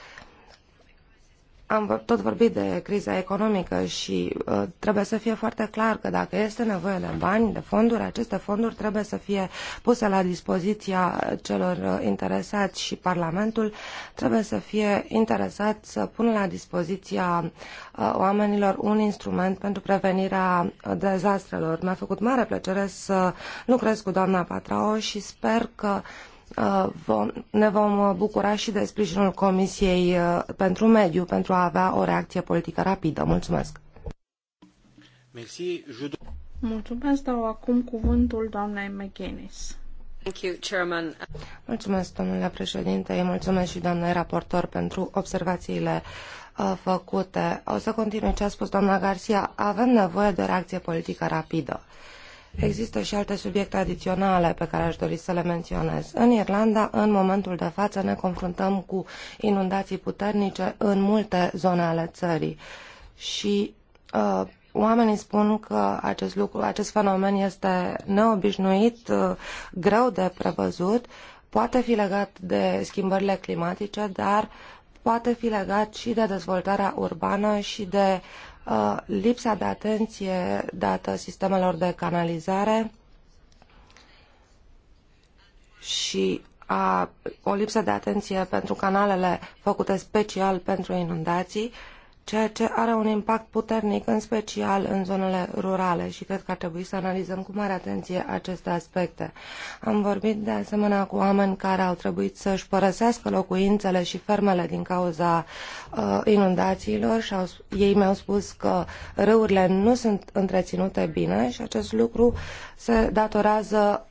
am tot vorbit de criza economică și uh, trebuie să fie foarte clar că dacă este nevoie de bani, de fonduri, aceste fonduri trebuie să fie puse la dispoziția celor uh, interesați și Parlamentul trebuie să fie interesat să pună la dispoziția uh, oamenilor un instrument pentru prevenirea dezastrelor. Mi-a făcut mare plăcere să lucrez cu doamna Patrao și sper că uh, Uh, vom, ne vom uh, bucura și de sprijinul Comisiei uh, pentru Mediu pentru a avea o reacție politică rapidă. Mulțumesc! Mulțumesc, dau acum cuvântul doamnei McGuinness. Mulțumesc, domnule președinte, mulțumesc și doamnei raportor pentru observațiile făcute. O să continui ce a spus doamna Garcia. Avem nevoie de o reacție politică rapidă. Uh, Există și alte subiecte adiționale pe care aș dori să le menționez. În Irlanda, în momentul de față, ne confruntăm cu inundații puternice în multe zone ale țării și uh, oamenii spun că acest, lucru, acest fenomen este neobișnuit, uh, greu de prevăzut, poate fi legat de schimbările climatice, dar poate fi legat și de dezvoltarea urbană și de uh, Uh, lipsa de atenție dată sistemelor de canalizare și a, o lipsă de atenție pentru canalele făcute special pentru inundații ceea ce are un impact puternic, în special în zonele rurale și cred că ar trebui să analizăm cu mare atenție aceste aspecte. Am vorbit de asemenea cu oameni care au trebuit să-și părăsească locuințele și fermele din cauza uh, inundațiilor și au, ei mi-au spus că râurile nu sunt întreținute bine și acest lucru se datorează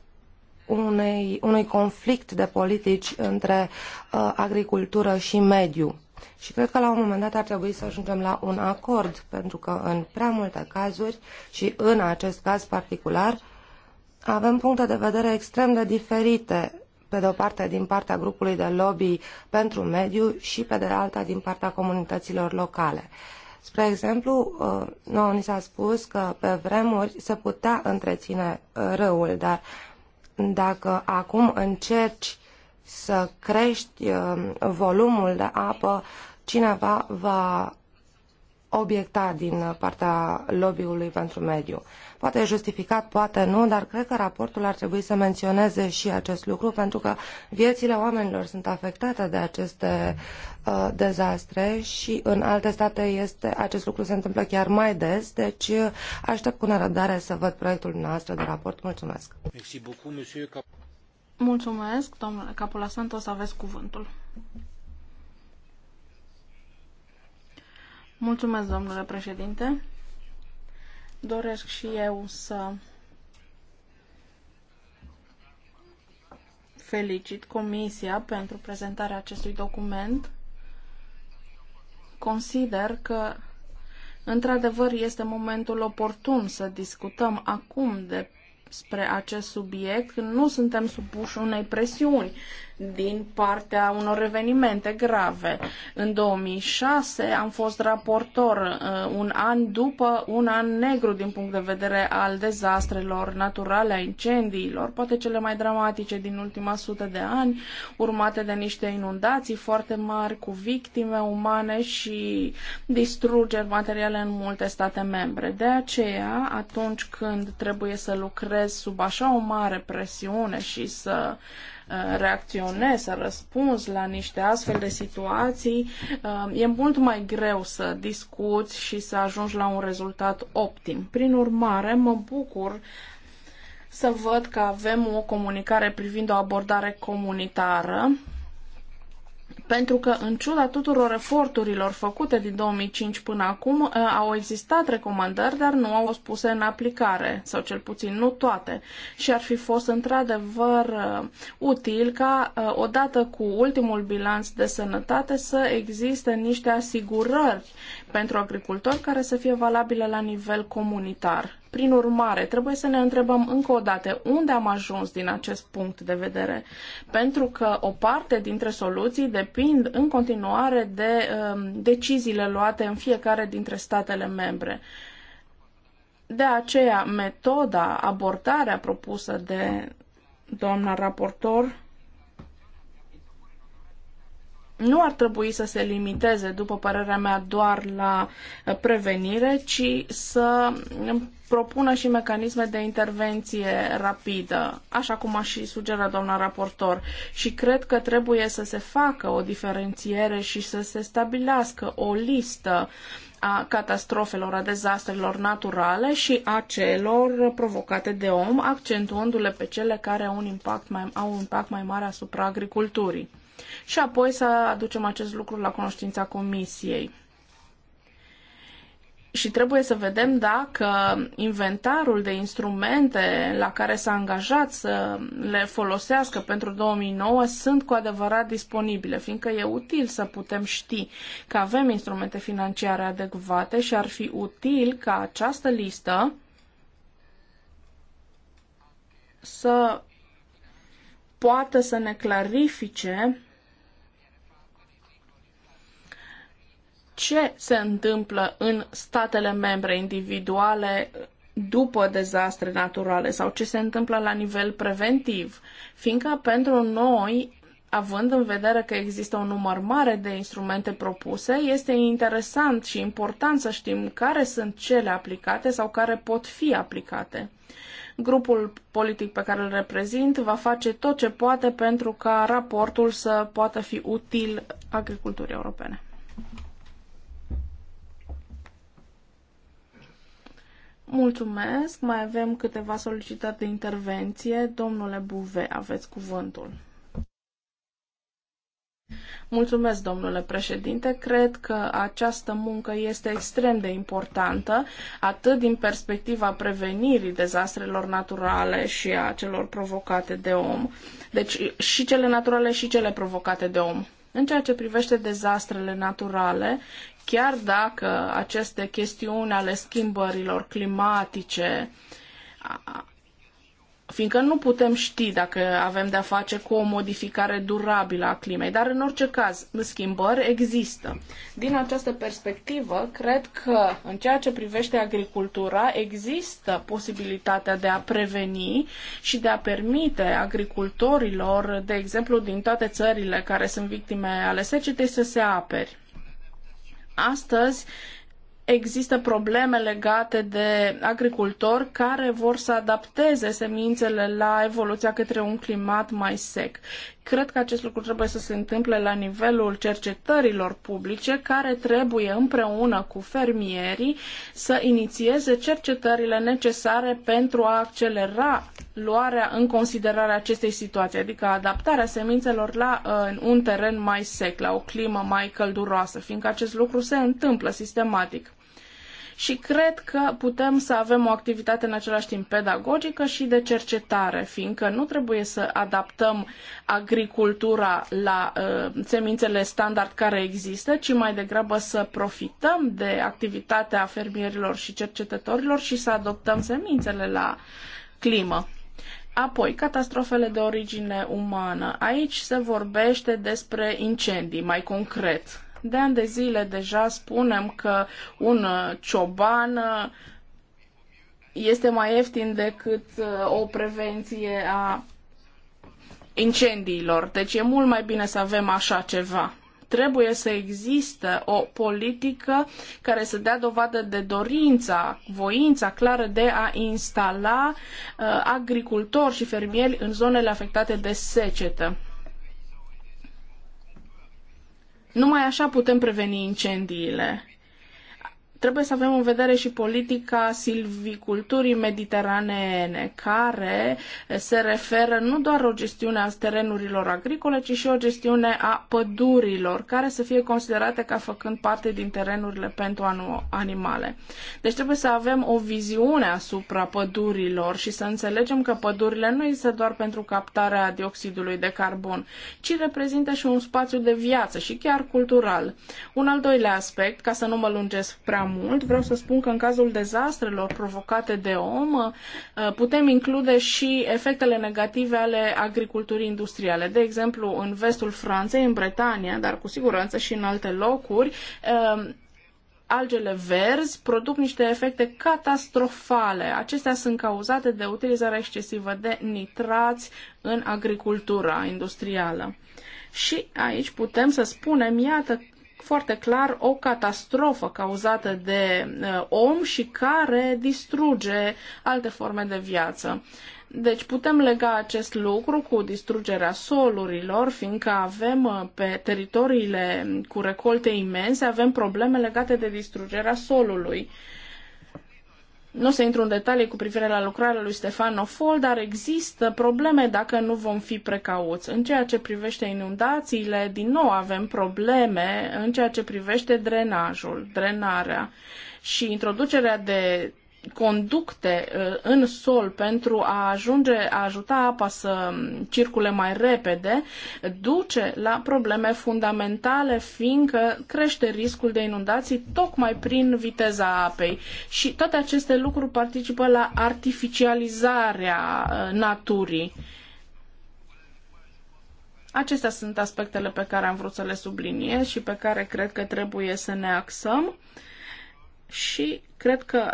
unei, unui conflict de politici între uh, agricultură și mediu și cred că la un moment dat ar trebui să ajungem la un acord, pentru că în prea multe cazuri și în acest caz particular avem puncte de vedere extrem de diferite pe de o parte din partea grupului de lobby pentru mediu și pe de alta din partea comunităților locale. Spre exemplu, uh, nouă ni s-a spus că pe vremuri se putea întreține uh, râul, dar dacă acum încerci să crești uh, volumul de apă, cineva va obiecta din partea lobby-ului pentru mediu. Poate e justificat, poate nu, dar cred că raportul ar trebui să menționeze și acest lucru, pentru că viețile oamenilor sunt afectate de aceste uh, dezastre și în alte state este, acest lucru se întâmplă chiar mai des, deci uh, aștept cu nerăbdare să văd proiectul noastră de raport. Mulțumesc! Mulțumesc, domnule Capula Santos, aveți cuvântul. Mulțumesc, domnule președinte. Doresc și eu să felicit Comisia pentru prezentarea acestui document. Consider că Într-adevăr, este momentul oportun să discutăm acum de spre acest subiect, nu suntem supuși unei presiuni din partea unor evenimente grave. În 2006 am fost raportor uh, un an după un an negru din punct de vedere al dezastrelor naturale, a incendiilor, poate cele mai dramatice din ultima sută de ani, urmate de niște inundații foarte mari cu victime umane și distrugeri materiale în multe state membre. De aceea, atunci când trebuie să lucrez sub așa o mare presiune și să uh, Uh, reacționezi, să răspunzi la niște astfel de situații, uh, e mult mai greu să discuți și să ajungi la un rezultat optim. Prin urmare, mă bucur să văd că avem o comunicare privind o abordare comunitară pentru că, în ciuda tuturor eforturilor făcute din 2005 până acum, ă, au existat recomandări, dar nu au fost puse în aplicare, sau cel puțin nu toate. Și ar fi fost într-adevăr ă, util ca, ă, odată cu ultimul bilanț de sănătate, să existe niște asigurări pentru agricultori care să fie valabile la nivel comunitar. Prin urmare, trebuie să ne întrebăm încă o dată unde am ajuns din acest punct de vedere, pentru că o parte dintre soluții depind în continuare de um, deciziile luate în fiecare dintre statele membre. De aceea, metoda, abordarea propusă de doamna raportor nu ar trebui să se limiteze, după părerea mea, doar la uh, prevenire, ci să mm, propună și mecanisme de intervenție rapidă, așa cum a și sugerat doamna raportor. Și cred că trebuie să se facă o diferențiere și să se stabilească o listă a catastrofelor, a dezastrelor naturale și a celor provocate de om, accentuându-le pe cele care au un impact mai, au un impact mai mare asupra agriculturii și apoi să aducem acest lucru la cunoștința comisiei. Și trebuie să vedem dacă inventarul de instrumente la care s-a angajat să le folosească pentru 2009 sunt cu adevărat disponibile, fiindcă e util să putem ști că avem instrumente financiare adecvate și ar fi util ca această listă să poată să ne clarifice ce se întâmplă în statele membre individuale după dezastre naturale sau ce se întâmplă la nivel preventiv, fiindcă pentru noi având în vedere că există un număr mare de instrumente propuse, este interesant și important să știm care sunt cele aplicate sau care pot fi aplicate. Grupul politic pe care îl reprezint va face tot ce poate pentru ca raportul să poată fi util agriculturii europene. Mulțumesc. Mai avem câteva solicitări de intervenție. Domnule Buve, aveți cuvântul. Mulțumesc, domnule președinte. Cred că această muncă este extrem de importantă, atât din perspectiva prevenirii dezastrelor naturale și a celor provocate de om. Deci și cele naturale și cele provocate de om. În ceea ce privește dezastrele naturale, chiar dacă aceste chestiuni ale schimbărilor climatice fiindcă nu putem ști dacă avem de-a face cu o modificare durabilă a climei, dar în orice caz, schimbări există. Din această perspectivă, cred că în ceea ce privește agricultura, există posibilitatea de a preveni și de a permite agricultorilor, de exemplu, din toate țările care sunt victime ale secetei, să se aperi Astăzi există probleme legate de agricultori care vor să adapteze semințele la evoluția către un climat mai sec. Cred că acest lucru trebuie să se întâmple la nivelul cercetărilor publice, care trebuie împreună cu fermierii să inițieze cercetările necesare pentru a accelera luarea în considerare a acestei situații, adică adaptarea semințelor la uh, un teren mai sec, la o climă mai călduroasă, fiindcă acest lucru se întâmplă sistematic și cred că putem să avem o activitate în același timp pedagogică și de cercetare, fiindcă nu trebuie să adaptăm agricultura la uh, semințele standard care există, ci mai degrabă să profităm de activitatea fermierilor și cercetătorilor și să adoptăm semințele la climă. Apoi, catastrofele de origine umană. Aici se vorbește despre incendii, mai concret de ani de zile deja spunem că un uh, cioban uh, este mai ieftin decât uh, o prevenție a incendiilor. Deci e mult mai bine să avem așa ceva trebuie să existe o politică care să dea dovadă de dorința, voința clară de a instala uh, agricultori și fermieri în zonele afectate de secetă. Numai așa putem preveni incendiile trebuie să avem în vedere și politica silviculturii mediteraneene, care se referă nu doar o gestiune a terenurilor agricole, ci și o gestiune a pădurilor, care să fie considerate ca făcând parte din terenurile pentru animale. Deci trebuie să avem o viziune asupra pădurilor și să înțelegem că pădurile nu există doar pentru captarea dioxidului de carbon, ci reprezintă și un spațiu de viață și chiar cultural. Un al doilea aspect, ca să nu mă lungesc prea mult, vreau să spun că în cazul dezastrelor provocate de om uh, putem include și efectele negative ale agriculturii industriale. De exemplu, în vestul Franței, în Bretania, dar cu siguranță și în alte locuri, uh, algele verzi produc niște efecte catastrofale. Acestea sunt cauzate de utilizarea excesivă de nitrați în agricultura industrială. Și aici putem să spunem, iată, foarte clar o catastrofă cauzată de uh, om și care distruge alte forme de viață. Deci putem lega acest lucru cu distrugerea solurilor, fiindcă avem uh, pe teritoriile cu recolte imense, avem probleme legate de distrugerea solului. Uh, nu o să intru în detalii cu privire la lucrarea lui Stefano Fol, dar există probleme dacă nu vom fi precauți. În ceea ce privește inundațiile, din nou avem probleme în ceea ce privește drenajul, drenarea și introducerea de conducte uh, în sol pentru a ajunge a ajuta apa să circule mai repede duce la probleme fundamentale fiindcă crește riscul de inundații tocmai prin viteza apei și toate aceste lucruri participă la artificializarea uh, naturii. Acestea sunt aspectele pe care am vrut să le subliniez și pe care cred că trebuie să ne axăm și cred că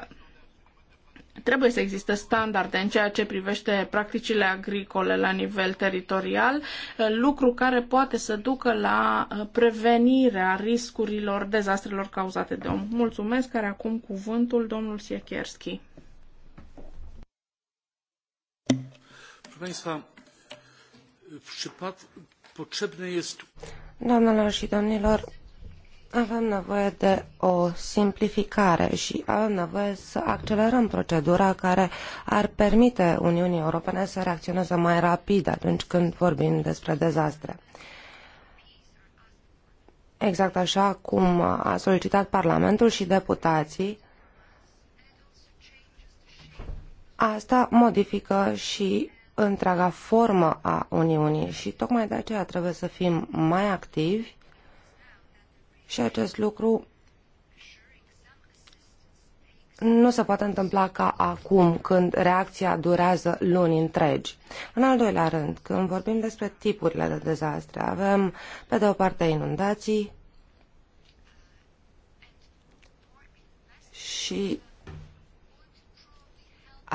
Trebuie să existe standarde în ceea ce privește practicile agricole la nivel teritorial, eh, lucru care poate să ducă la eh, prevenirea riscurilor dezastrelor cauzate de om. Mulțumesc, care acum cuvântul domnul Siekierski. Doamnelor și domnilor, avem nevoie de o simplificare și avem nevoie să accelerăm procedura care ar permite Uniunii Europene să reacționeze mai rapid atunci când vorbim despre dezastre. Exact așa cum a solicitat Parlamentul și deputații, asta modifică și întreaga formă a Uniunii și tocmai de aceea trebuie să fim mai activi și acest lucru nu se poate întâmpla ca acum, când reacția durează luni întregi. În al doilea rând, când vorbim despre tipurile de dezastre, avem, pe de o parte, inundații și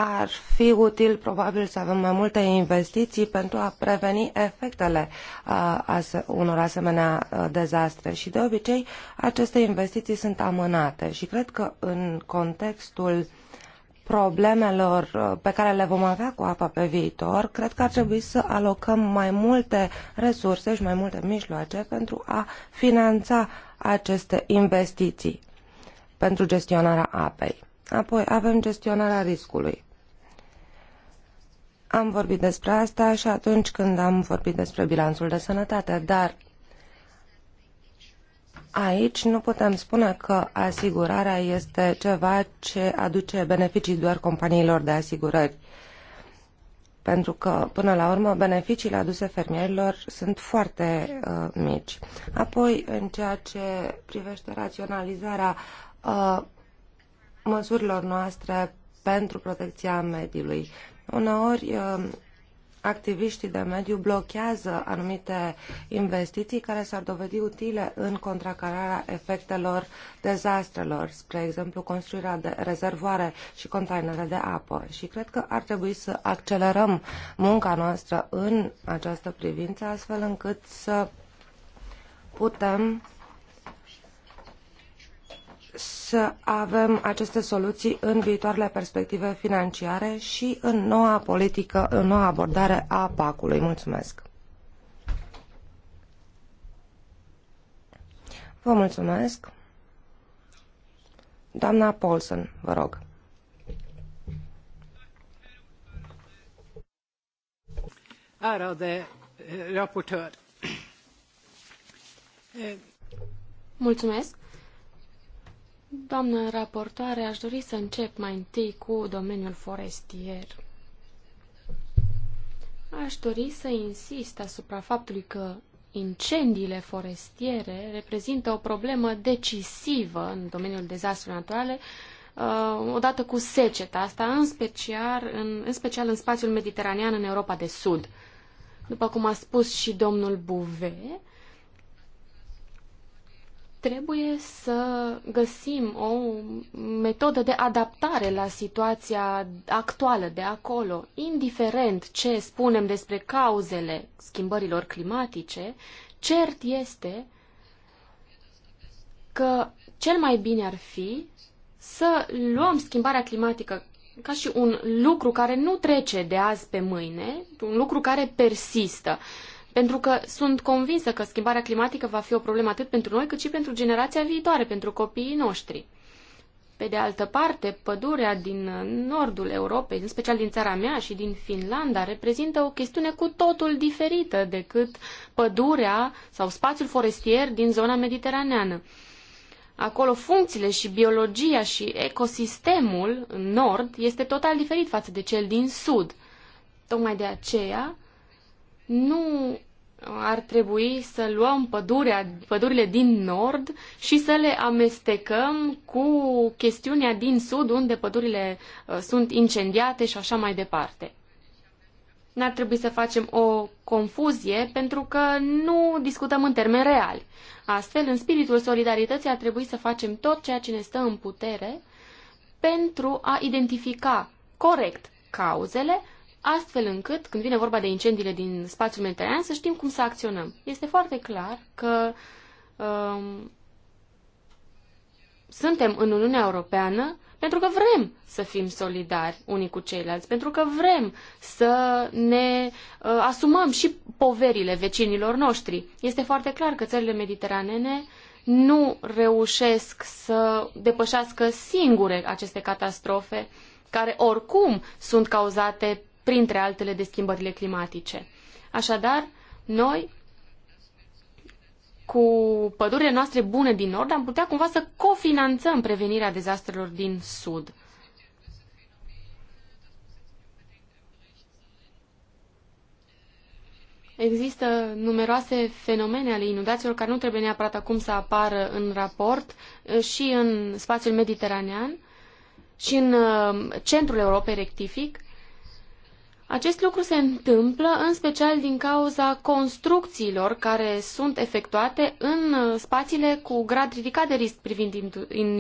ar fi util probabil să avem mai multe investiții pentru a preveni efectele uh, unor asemenea uh, dezastre și de obicei aceste investiții sunt amânate și cred că în contextul problemelor pe care le vom avea cu apa pe viitor, cred că ar trebui să alocăm mai multe resurse și mai multe mijloace pentru a finanța aceste investiții pentru gestionarea apei. Apoi avem gestionarea riscului. Am vorbit despre asta și atunci când am vorbit despre bilanțul de sănătate, dar aici nu putem spune că asigurarea este ceva ce aduce beneficii doar companiilor de asigurări. Pentru că, până la urmă, beneficiile aduse fermierilor sunt foarte uh, mici. Apoi, în ceea ce privește raționalizarea uh, măsurilor noastre pentru protecția mediului. Uneori, uh, activiștii de mediu blochează anumite investiții care s-ar dovedi utile în contracararea efectelor dezastrelor, spre exemplu construirea de rezervoare și containere de apă. Și cred că ar trebui să accelerăm munca noastră în această privință, astfel încât să putem să avem aceste soluții în viitoarele perspective financiare și în noua politică, în noua abordare a PAC-ului. Mulțumesc! Vă mulțumesc! Doamna Paulson, vă rog. de eh, raportör. Eh. Mulțumesc. Doamnă raportoare, aș dori să încep mai întâi cu domeniul forestier. Aș dori să insist asupra faptului că incendiile forestiere reprezintă o problemă decisivă în domeniul dezastrelor naturale, uh, odată cu seceta asta, în special în, în special în spațiul mediteranean în Europa de Sud. După cum a spus și domnul Bouvet, Trebuie să găsim o metodă de adaptare la situația actuală de acolo. Indiferent ce spunem despre cauzele schimbărilor climatice, cert este că cel mai bine ar fi să luăm schimbarea climatică ca și un lucru care nu trece de azi pe mâine, un lucru care persistă. Uh, pentru că sunt convinsă că schimbarea climatică va fi o problemă atât pentru noi, cât și pentru generația viitoare, pentru copiii noștri. Pe de altă parte, pădurea din nordul Europei, în special din țara mea și din Finlanda, reprezintă o chestiune cu totul diferită decât pădurea sau spațiul forestier din zona mediteraneană. Acolo funcțiile și biologia și ecosistemul în nord este total diferit față de cel din sud. Tocmai de aceea, nu ar trebui să luăm pădurea, pădurile din nord și să le amestecăm cu chestiunea din sud, unde pădurile uh, sunt incendiate și așa mai departe. N-ar trebui să facem o confuzie pentru că nu discutăm în termeni reali. Astfel, în spiritul solidarității ar trebui să facem tot ceea ce ne stă în putere pentru a identifica corect cauzele, astfel încât, când vine vorba de incendiile din spațiul mediteranean, să știm cum să acționăm. Este foarte clar că um, suntem în Uniunea Europeană pentru că vrem să fim solidari unii cu ceilalți, pentru că vrem să ne uh, asumăm și poverile vecinilor noștri. Este foarte clar că țările mediteranene nu reușesc să depășească singure aceste catastrofe, care oricum sunt cauzate printre altele de schimbările climatice. Așadar, noi, cu pădurile noastre bune din nord, am putea cumva să cofinanțăm prevenirea dezastrelor din sud. Există numeroase fenomene ale inundațiilor care nu trebuie neapărat acum să apară în raport eh, și în spațiul mediteranean și în eh, centrul Europei rectific. Acest lucru se întâmplă în special din cauza construcțiilor care sunt efectuate în uh, spațiile cu grad ridicat de risc privind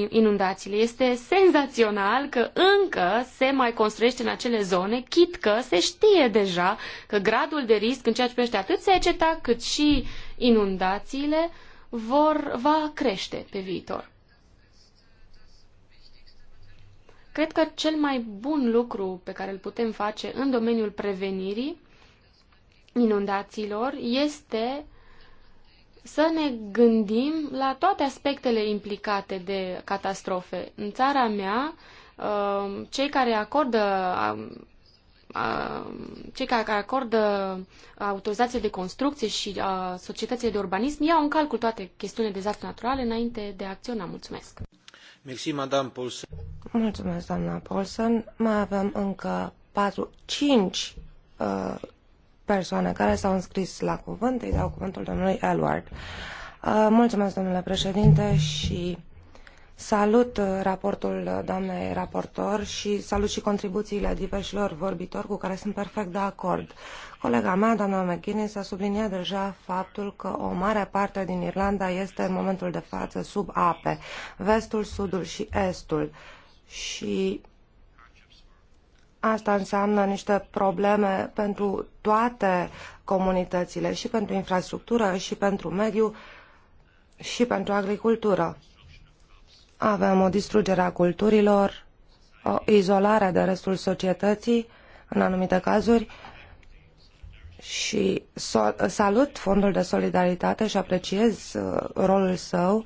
inundațiile. Este senzațional că încă se mai construiește în acele zone, chit că se știe deja că gradul de risc în ceea ce privește atât seceta cât și inundațiile vor, va crește pe viitor. Cred că cel mai bun lucru pe care îl putem face în domeniul prevenirii inundațiilor este să ne gândim la toate aspectele implicate de catastrofe. În țara mea, uh, cei care acordă uh, Uh, cei care acordă autorizații de construcție și uh, societățile de urbanism iau în calcul toate chestiunile de dezastre naturale înainte de a acționa. Mulțumesc! Mersi, Madame Paulsen. Mulțumesc, doamna Paulsen. Mai avem încă 4, 5 uh, persoane care s-au înscris la cuvânt. Îi dau cuvântul domnului Elward. Uh, mulțumesc, domnule președinte, și Salut uh, raportul uh, doamnei raportor și salut și contribuțiile diversilor vorbitori cu care sunt perfect de acord. Colega mea, doamna McGuinness, a subliniat deja faptul că o mare parte din Irlanda este în momentul de față sub ape, vestul, sudul și estul. Și Asta înseamnă niște probleme pentru toate comunitățile, și pentru infrastructură, și pentru mediu, și pentru agricultură. Aveam o distrugere a culturilor, o izolare de restul societății, în anumite cazuri, și salut Fondul de Solidaritate și apreciez uh, rolul său,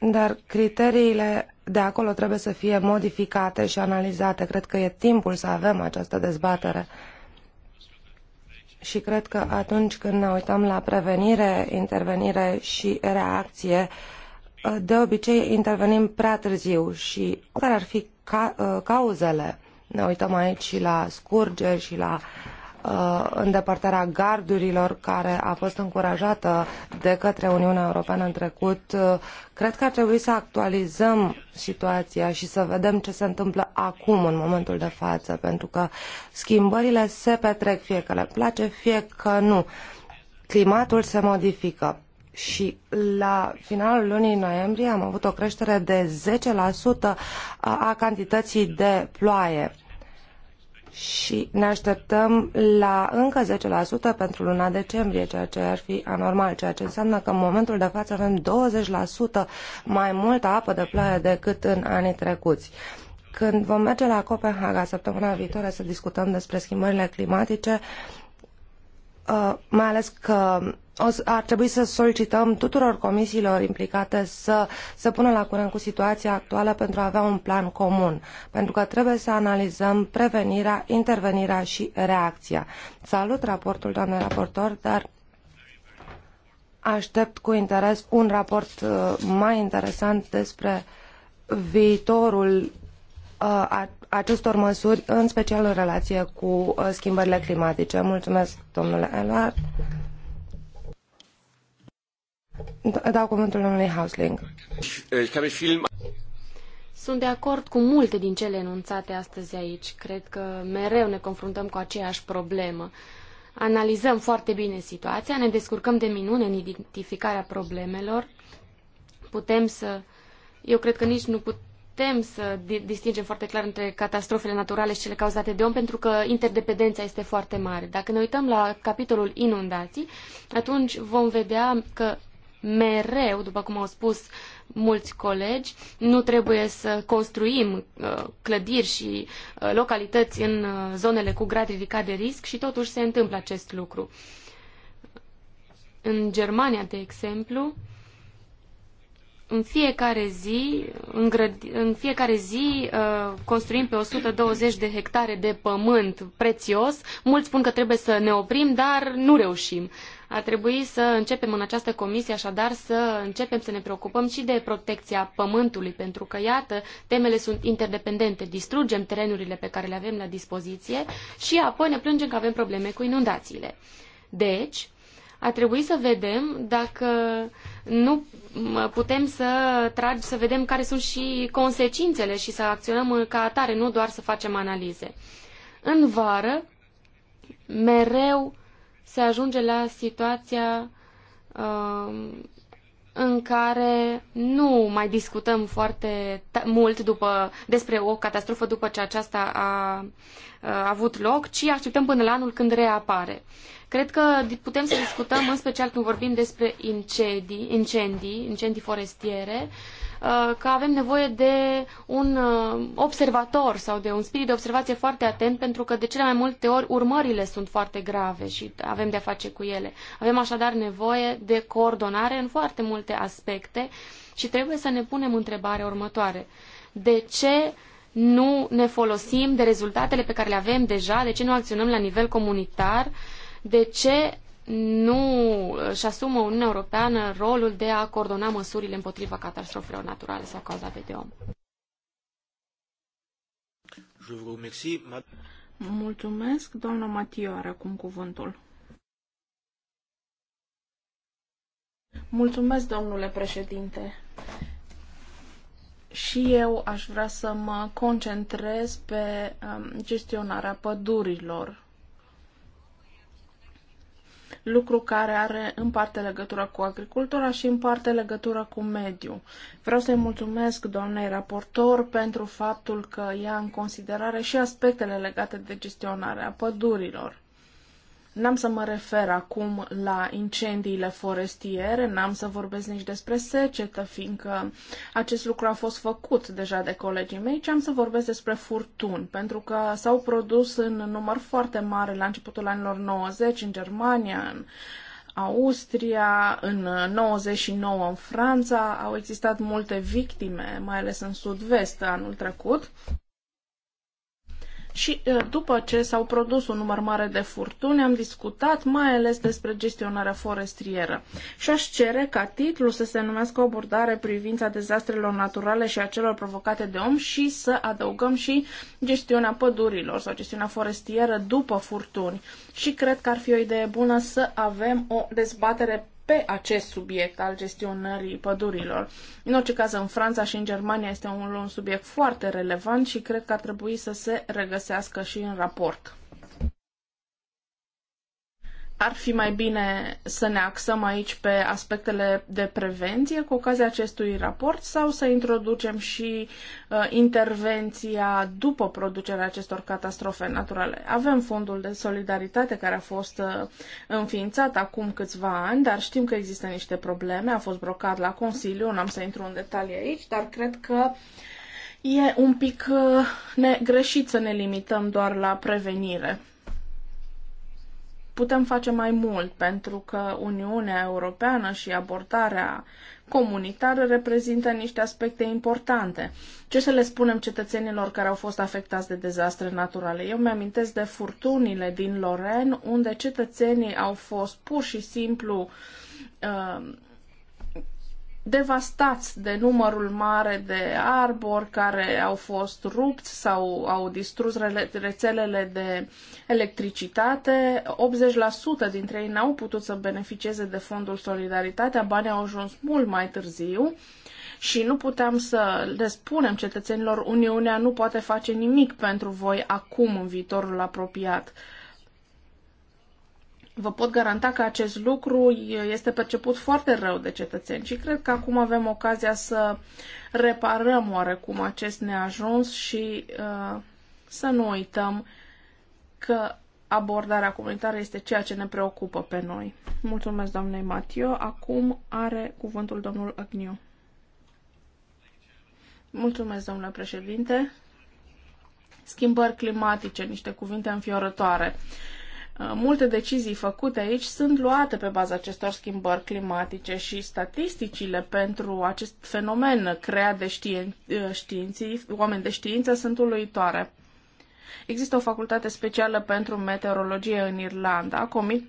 dar criteriile de acolo trebuie să fie modificate și analizate. Cred că e timpul să avem această dezbatere și cred că atunci când ne uităm la prevenire, intervenire și reacție, de obicei intervenim prea târziu și care ar fi ca, uh, cauzele? Ne uităm aici și la scurgeri și la uh, Uh, îndepărtarea gardurilor care a fost încurajată de către Uniunea Europeană în trecut, uh, cred că ar trebui să actualizăm situația și să vedem ce se întâmplă acum, în momentul de față, pentru că schimbările se petrec, fie că le place, fie că nu. Climatul se modifică și la finalul lunii noiembrie am avut o creștere de 10% a cantității de ploaie și ne așteptăm la încă 10% pentru luna decembrie, ceea ce ar fi anormal, ceea ce înseamnă că în momentul de față avem 20% mai multă apă de ploaie decât în anii trecuți. Când vom merge la Copenhaga săptămâna viitoare să discutăm despre schimbările climatice, uh, mai ales că ar trebui să solicităm tuturor comisiilor implicate să se pună la curent cu situația actuală pentru a avea un plan comun, pentru că trebuie să analizăm prevenirea, intervenirea și reacția. Salut raportul, doamne raportor, dar aștept cu interes un raport uh, mai interesant despre viitorul uh, acestor măsuri, în special în relație cu uh, schimbările climatice. Mulțumesc, domnule Eluard. Dau cuvântul domnului Hausling. Eh, Sunt de acord cu multe din cele enunțate astăzi aici. Cred că mereu ne confruntăm cu aceeași problemă. Analizăm foarte bine situația, ne descurcăm de minune în identificarea problemelor. Putem să... Eu cred că nici nu putem să distingem foarte clar între catastrofele naturale și cele cauzate de om, pentru că interdependența este foarte mare. Dacă ne uităm la capitolul inundații, atunci vom vedea că mereu, după cum au spus mulți colegi, nu trebuie să construim uh, clădiri și uh, localități în uh, zonele cu grad ridicat de risc și totuși se întâmplă acest lucru. În Germania, de exemplu, în fiecare zi, în, grădi, în fiecare zi uh, construim pe 120 de hectare de pământ prețios. Mulți spun că trebuie să ne oprim, dar nu reușim. Ar trebui să începem în această comisie așadar să începem să ne preocupăm și de protecția pământului, pentru că, iată, temele sunt interdependente. Distrugem terenurile pe care le avem la dispoziție și apoi ne plângem că avem probleme cu inundațiile. Deci, ar trebui să vedem dacă nu putem să tragi, să vedem care sunt și consecințele și să acționăm ca atare, nu doar să facem analize. În vară, mereu se ajunge la situația um, în care nu mai discutăm foarte mult după, despre o catastrofă după ce aceasta a, a avut loc, ci așteptăm până la anul când reapare. Cred că putem să discutăm, în special când vorbim despre incendii, incendii, incendii forestiere, uh, Uh, că avem nevoie de un uh, observator sau de un spirit de observație foarte atent, pentru că de cele mai multe ori urmările sunt foarte grave și avem de-a face cu ele. Avem așadar nevoie de coordonare în foarte multe aspecte și trebuie să ne punem întrebarea următoare. De ce nu ne folosim de rezultatele pe care le avem deja, de ce nu acționăm la nivel comunitar, de ce nu își asumă Uniunea Europeană rolul de a coordona măsurile împotriva catastrofelor naturale sau cauzate de om. Mulțumesc, doamna Matiu acum cuvântul. Mulțumesc, domnule președinte. Și eu aș vrea să mă concentrez pe um, gestionarea pădurilor lucru care are în parte legătură cu agricultura și în parte legătură cu mediul. Vreau să-i mulțumesc doamnei raportor pentru faptul că ia în considerare și aspectele legate de gestionarea pădurilor. N-am să mă refer acum la incendiile forestiere, n-am să vorbesc nici despre secetă, fiindcă acest lucru a fost făcut deja de colegii mei, ci am să vorbesc despre furtuni, pentru că s-au produs în număr foarte mare la începutul anilor 90 în Germania, în Austria, în 99 în Franța, au existat multe victime, mai ales în sud-vest anul trecut. Și uh, după ce s-au produs un număr mare de furtuni, am discutat mai ales despre gestionarea forestieră. Și aș cere ca titlu să se numească o abordare privința dezastrelor naturale și a celor provocate de om și să adăugăm și gestiunea pădurilor sau gestiunea forestieră după furtuni. Și cred că ar fi o idee bună să avem o dezbatere pe acest subiect al gestionării pădurilor. În orice caz, în Franța și în Germania este un, un subiect foarte relevant și cred că ar trebui să se regăsească și în raport ar fi mai bine să ne axăm aici pe aspectele de prevenție cu ocazia acestui raport sau să introducem și uh, intervenția după producerea acestor catastrofe naturale? Avem fondul de solidaritate care a fost uh, înființat acum câțiva ani, dar știm că există niște probleme, a fost blocat la Consiliu, n-am să intru în detalii aici, dar cred că e un pic uh, ne- greșit să ne limităm doar la prevenire putem face mai mult pentru că Uniunea Europeană și abordarea comunitară reprezintă niște aspecte importante. Ce să le spunem cetățenilor care au fost afectați de dezastre naturale? Eu mi-amintesc de furtunile din Loren, unde cetățenii au fost pur și simplu uh, devastați de numărul mare de arbori care au fost rupți sau au distrus rețelele de electricitate. 80% dintre ei n-au putut să beneficieze de fondul Solidaritatea, banii au ajuns mult mai târziu și nu puteam să le spunem cetățenilor Uniunea nu poate face nimic pentru voi acum în viitorul apropiat. Uh, Vă pot garanta că acest lucru este perceput foarte rău de cetățeni și cred că acum avem ocazia să reparăm oarecum acest neajuns și uh, să nu uităm că abordarea comunitară este ceea ce ne preocupă pe noi. Mulțumesc doamnei Matio. Acum are cuvântul domnul Agniu. Mulțumesc, domnule președinte. Schimbări climatice, niște cuvinte înfiorătoare. Uh, Uh, multe decizii făcute aici sunt luate pe baza acestor schimbări climatice și statisticile pentru acest fenomen creat de știin, uh, științii, oameni de știință sunt uluitoare. Există o facultate specială pentru meteorologie în Irlanda, comit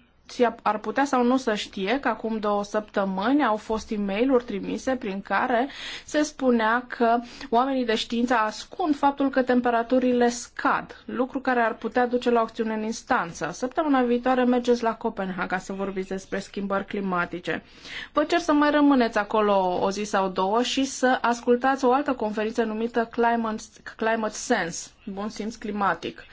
ar putea sau nu să știe că acum două săptămâni au fost e mail trimise prin care se spunea că oamenii de știință ascund faptul că temperaturile scad, lucru care ar putea duce la acțiune în instanță. Săptămâna viitoare mergeți la Copenhaga să vorbiți despre schimbări climatice. Vă cer să mai rămâneți acolo o zi sau două și să ascultați o altă conferință numită Climate, Climate Sense bun simț climatic.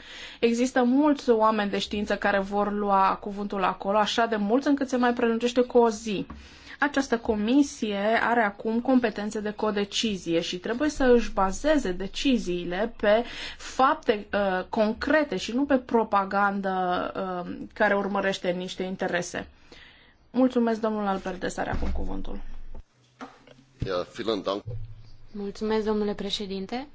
Există mulți oameni de știință care vor lua cuvântul acolo, așa de mulți încât se mai prelungește cu o zi. Această comisie are acum competențe de codecizie și trebuie să își bazeze deciziile pe fapte uh, concrete și nu pe propagandă uh, care urmărește niște interese. Mulțumesc, domnul Albertes, are acum cuvântul. Da. Mulțumesc, domnule președinte.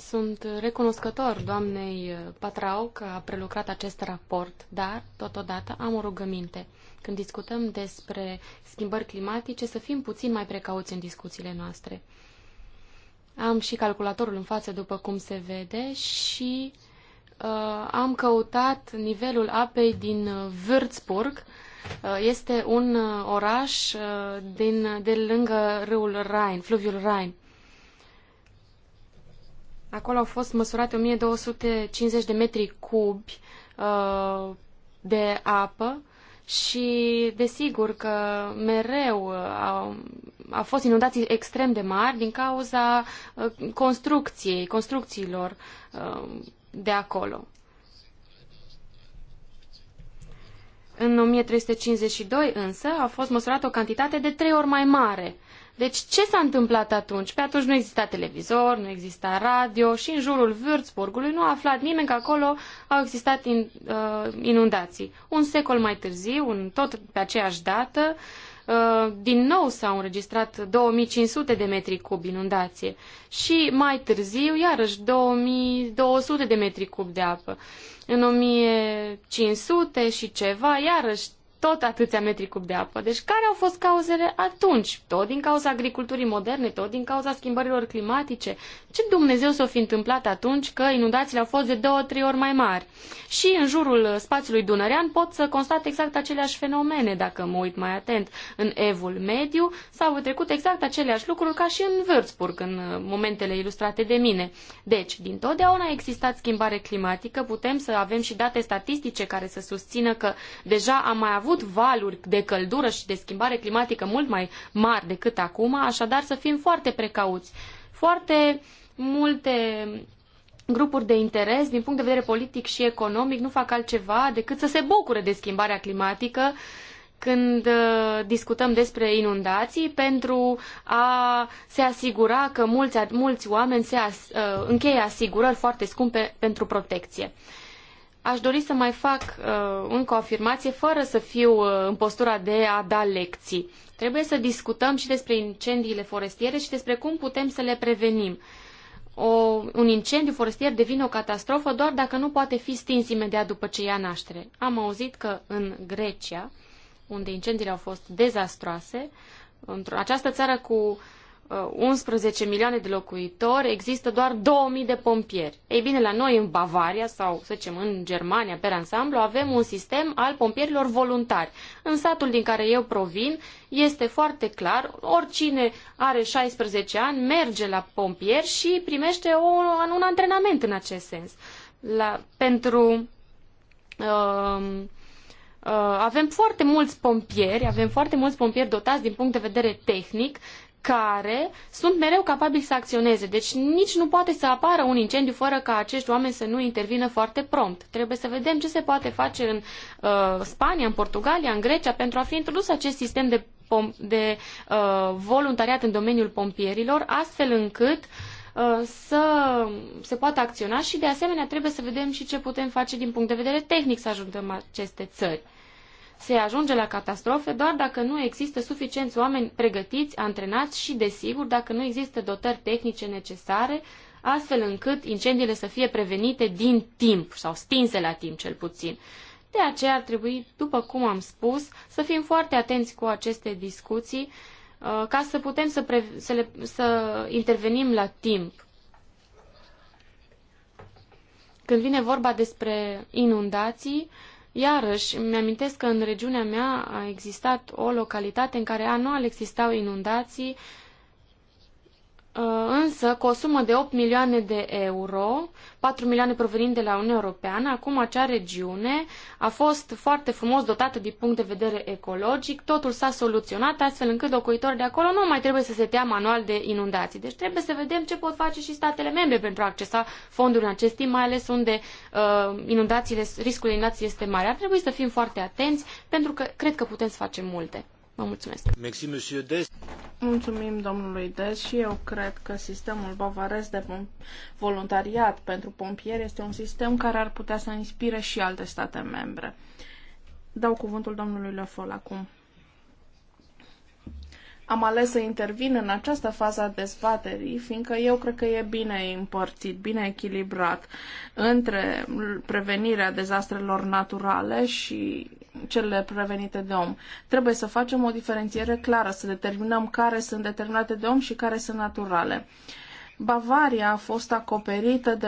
Sunt recunoscător doamnei Patrau că a prelucrat acest raport, dar, totodată, am o rugăminte. Când discutăm despre schimbări climatice, să fim puțin mai precauți în discuțiile noastre. Am și calculatorul în față, după cum se vede, și uh, am căutat nivelul apei din Würzburg. Uh, este un uh, oraș uh, din, de lângă râul Rhein, fluviul Rhein. Uh, Acolo au fost măsurate 1250 de metri cubi uh, de apă și desigur că mereu au, uh, au fost inundații extrem de mari din cauza uh, construcției, construcțiilor uh, de acolo. În 1352 însă a fost măsurată o cantitate de trei ori mai mare – deci ce s-a întâmplat atunci? Pe atunci nu exista televizor, nu exista radio și în jurul Würzburgului nu a aflat nimeni că acolo au existat in, uh, inundații. Un secol mai târziu, în, tot pe aceeași dată, uh, din nou s-au înregistrat 2500 de metri cub inundație și mai târziu iarăși 2200 de metri cub de apă. În 1500 și ceva, iarăși tot atâția metri cub de apă. Deci care au fost cauzele atunci? Tot din cauza agriculturii moderne, tot din cauza schimbărilor climatice. Ce Dumnezeu s-o fi întâmplat atunci că inundațiile au fost de două, trei ori mai mari? Și în jurul spațiului dunărean pot să constat exact aceleași fenomene, dacă mă uit mai atent. În evul mediu s-au trecut exact aceleași lucruri ca și în Würzburg, în uh, momentele ilustrate de mine. Deci, din totdeauna a existat schimbare climatică, putem să avem și date statistice care să susțină că deja am mai avut avut valuri de căldură și de schimbare climatică mult mai mari decât acum, așadar să fim foarte precauți. Foarte multe grupuri de interes, din punct de vedere politic și economic, nu fac altceva decât să se bucure de schimbarea climatică când uh, discutăm despre inundații pentru a se asigura că mulți, mulți oameni se as, uh, încheie asigurări foarte scumpe pentru protecție aș dori să mai fac uh, încă o afirmație fără să fiu uh, în postura de a da lecții. Trebuie să discutăm și despre incendiile forestiere și despre cum putem să le prevenim. O, un incendiu forestier devine o catastrofă doar dacă nu poate fi stins imediat după ce ia naștere. Am auzit că în Grecia, unde incendiile au fost dezastroase, într-o această țară cu 11 uh, milioane de locuitori, există doar 2000 de pompieri. Ei bine, la noi în Bavaria sau, să zicem, în Germania, pe ansamblu, avem un sistem al pompierilor voluntari. În satul din care eu provin, este foarte clar, oricine are 16 ani merge la pompieri și primește o, un antrenament în acest sens. La, pentru... Um, uh, avem foarte mulți pompieri, avem foarte mulți pompieri dotați din punct de vedere tehnic care sunt mereu capabili să acționeze. Deci nici nu poate să apară un incendiu fără ca acești oameni să nu intervină foarte prompt. Trebuie să vedem ce se poate face în uh, Spania, în Portugalia, în Grecia, pentru a fi introdus acest sistem de, de uh, voluntariat în domeniul pompierilor, astfel încât uh, să se poată acționa și de asemenea trebuie să vedem și ce putem face din punct de vedere tehnic să ajutăm aceste țări. Se ajunge la catastrofe doar dacă nu există suficienți oameni pregătiți, antrenați și, desigur, dacă nu există dotări tehnice necesare, astfel încât incendiile să fie prevenite din timp sau stinse la timp cel puțin. De aceea ar trebui, după cum am spus, să fim foarte atenți cu aceste discuții uh, ca să putem să, pre... să, le... să intervenim la timp. Când vine vorba despre inundații, uh, Iarăși, îmi amintesc că în regiunea mea a existat o localitate în care anual existau inundații Uh, însă cu o sumă de 8 milioane de euro, 4 milioane provenind de la Uniunea Europeană, acum acea regiune a fost foarte frumos dotată din punct de vedere ecologic, totul s-a soluționat astfel încât locuitorii de acolo nu mai trebuie să se teamă anual de inundații. Deci trebuie să vedem ce pot face și statele membre pentru a accesa fonduri în acest timp, mai ales unde uh, inundațiile, riscul inundației este mare. Ar trebui să fim foarte atenți pentru că cred că putem să facem multe. Vă mulțumesc. Mulțumim domnului Des și eu cred că sistemul bavarez de voluntariat pentru pompieri este un sistem care ar putea să inspire și alte state membre. Dau cuvântul domnului Lefol acum. Am ales să intervin în această fază a dezbaterii, fiindcă eu cred că e bine împărțit, bine echilibrat între prevenirea dezastrelor naturale și cele prevenite de om. Trebuie să facem o diferențiere clară, să determinăm care sunt determinate de om și care sunt naturale. Uh, Bavaria a fost acoperită de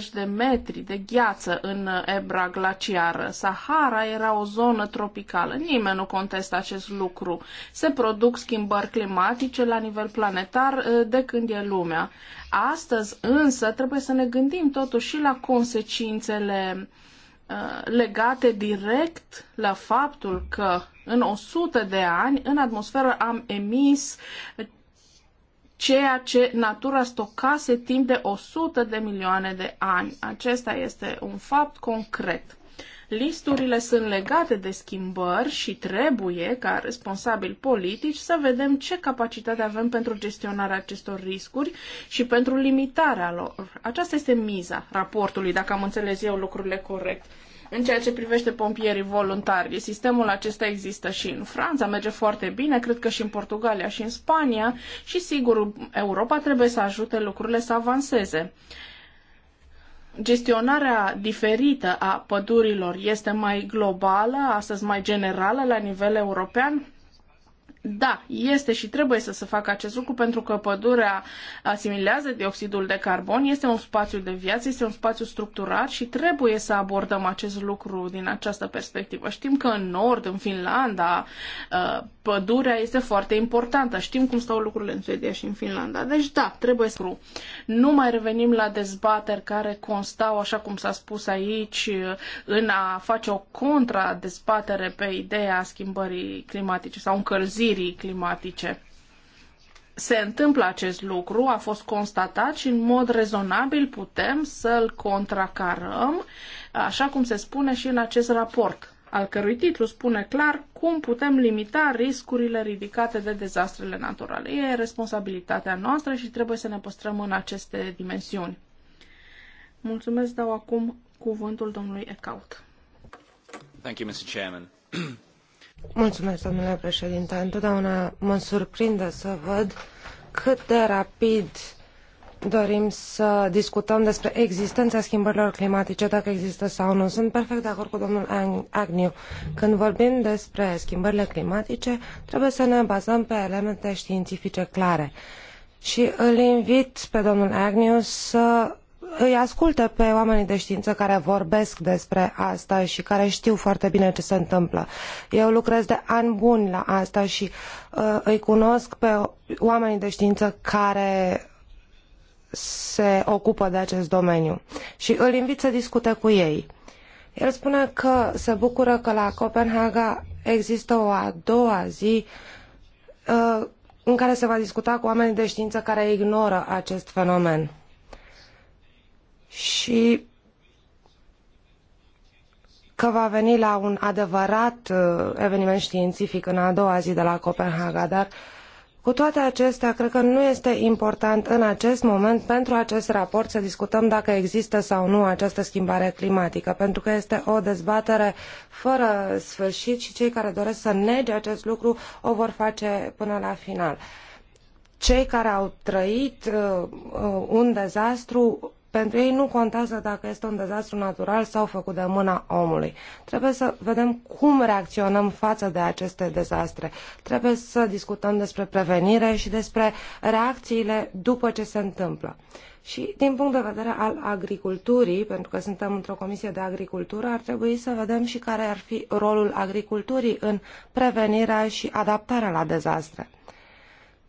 100-150 de metri de gheață în ebra glaciară. Sahara era o zonă tropicală. Nimeni nu contestă acest lucru. Se produc schimbări climatice la nivel planetar uh, de când e lumea. Astăzi însă trebuie să ne gândim totuși și la consecințele uh, legate direct la faptul că în 100 de ani în atmosferă am emis ceea ce natura stocase timp de 100 de milioane de ani. Acesta este un fapt concret. Listurile sunt legate de schimbări și trebuie, ca responsabili politici, să vedem ce capacitate avem pentru gestionarea acestor riscuri și pentru limitarea lor. Aceasta este miza raportului, dacă am înțeles eu lucrurile corect. În ceea ce privește pompierii voluntari, sistemul acesta există și în Franța, merge foarte bine, cred că și în Portugalia și în Spania și sigur Europa trebuie să ajute lucrurile să avanseze gestionarea diferită a pădurilor este mai globală, astăzi mai generală la nivel european? Da, este și trebuie să se facă acest lucru pentru că pădurea asimilează dioxidul de carbon, este un spațiu de viață, este un spațiu structurat și trebuie să abordăm acest lucru din această perspectivă. Știm că în nord, în Finlanda, uh, pădurea este foarte importantă. Știm cum stau lucrurile în Suedia și în Finlanda. Deci, da, trebuie să nu mai revenim la dezbateri care constau, așa cum s-a spus aici, în a face o contra-dezbatere pe ideea schimbării climatice sau încălzirii climatice. Se întâmplă acest lucru, a fost constatat și în mod rezonabil putem să-l contracarăm, așa cum se spune și în acest raport al cărui titlu spune clar cum putem limita riscurile ridicate de dezastrele naturale. E responsabilitatea noastră și trebuie să ne păstrăm în aceste dimensiuni. Mulțumesc, dau acum cuvântul domnului Ecaut. Thank you, Mr. Chairman. Mulțumesc, domnule președinte. Întotdeauna mă surprinde să văd cât de rapid uh, dorim să discutăm despre existența schimbărilor climatice, dacă există sau nu. Sunt perfect de acord cu domnul Agnew. Când vorbim despre schimbările climatice, trebuie să ne bazăm pe elemente științifice clare. Și îl invit pe domnul Agnew să îi ascultă pe oamenii de știință care vorbesc despre asta și care știu foarte bine ce se întâmplă. Eu lucrez de ani buni la asta și uh, îi cunosc pe oamenii de știință care se ocupă de acest domeniu și îl invit să discute cu ei. El spune că se bucură că la Copenhaga există o a doua zi uh, în care se va discuta cu oamenii de știință care ignoră acest fenomen. Și că va veni la un adevărat uh, eveniment științific în a doua zi de la Copenhaga, dar uh, cu toate acestea, cred că nu este important în acest moment pentru acest raport să discutăm dacă există sau nu această schimbare climatică, pentru că este o dezbatere fără sfârșit și cei care doresc să nege acest lucru o vor face până la final. Cei care au trăit uh, uh, un dezastru pentru ei nu contează dacă este un dezastru natural sau făcut de mâna omului. Trebuie să vedem cum reacționăm față de aceste dezastre. Trebuie să discutăm despre prevenire și despre reacțiile după ce se întâmplă. Și din punct de vedere al agriculturii, pentru că suntem într-o comisie de agricultură, ar trebui să vedem și care ar fi rolul agriculturii în prevenirea și adaptarea la dezastre.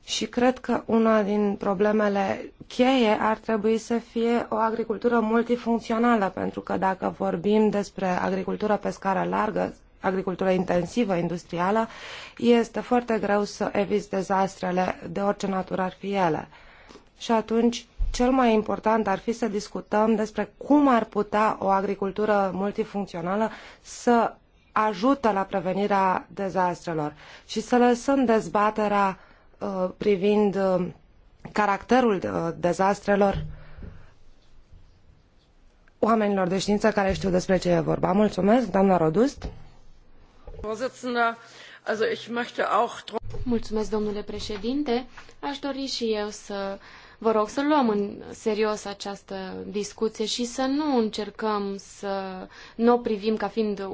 Și cred că una din problemele cheie ar trebui să fie o agricultură multifuncțională, pentru că dacă vorbim despre agricultură pe scară largă, agricultură intensivă, industrială, este foarte greu să eviți dezastrele de orice natură ar fi ele. Și atunci, cel mai important ar fi să discutăm despre cum ar putea o agricultură multifuncțională să ajute la prevenirea dezastrelor și să lăsăm dezbaterea uh, Uh, privind uh, caracterul uh, dezastrelor oamenilor de știință care știu despre ce e vorba. Mulțumesc, doamna Rodust. Mulțumesc, domnule președinte. Aș dori și eu să vă rog să luăm în serios această discuție și să nu încercăm să nu o privim ca fiind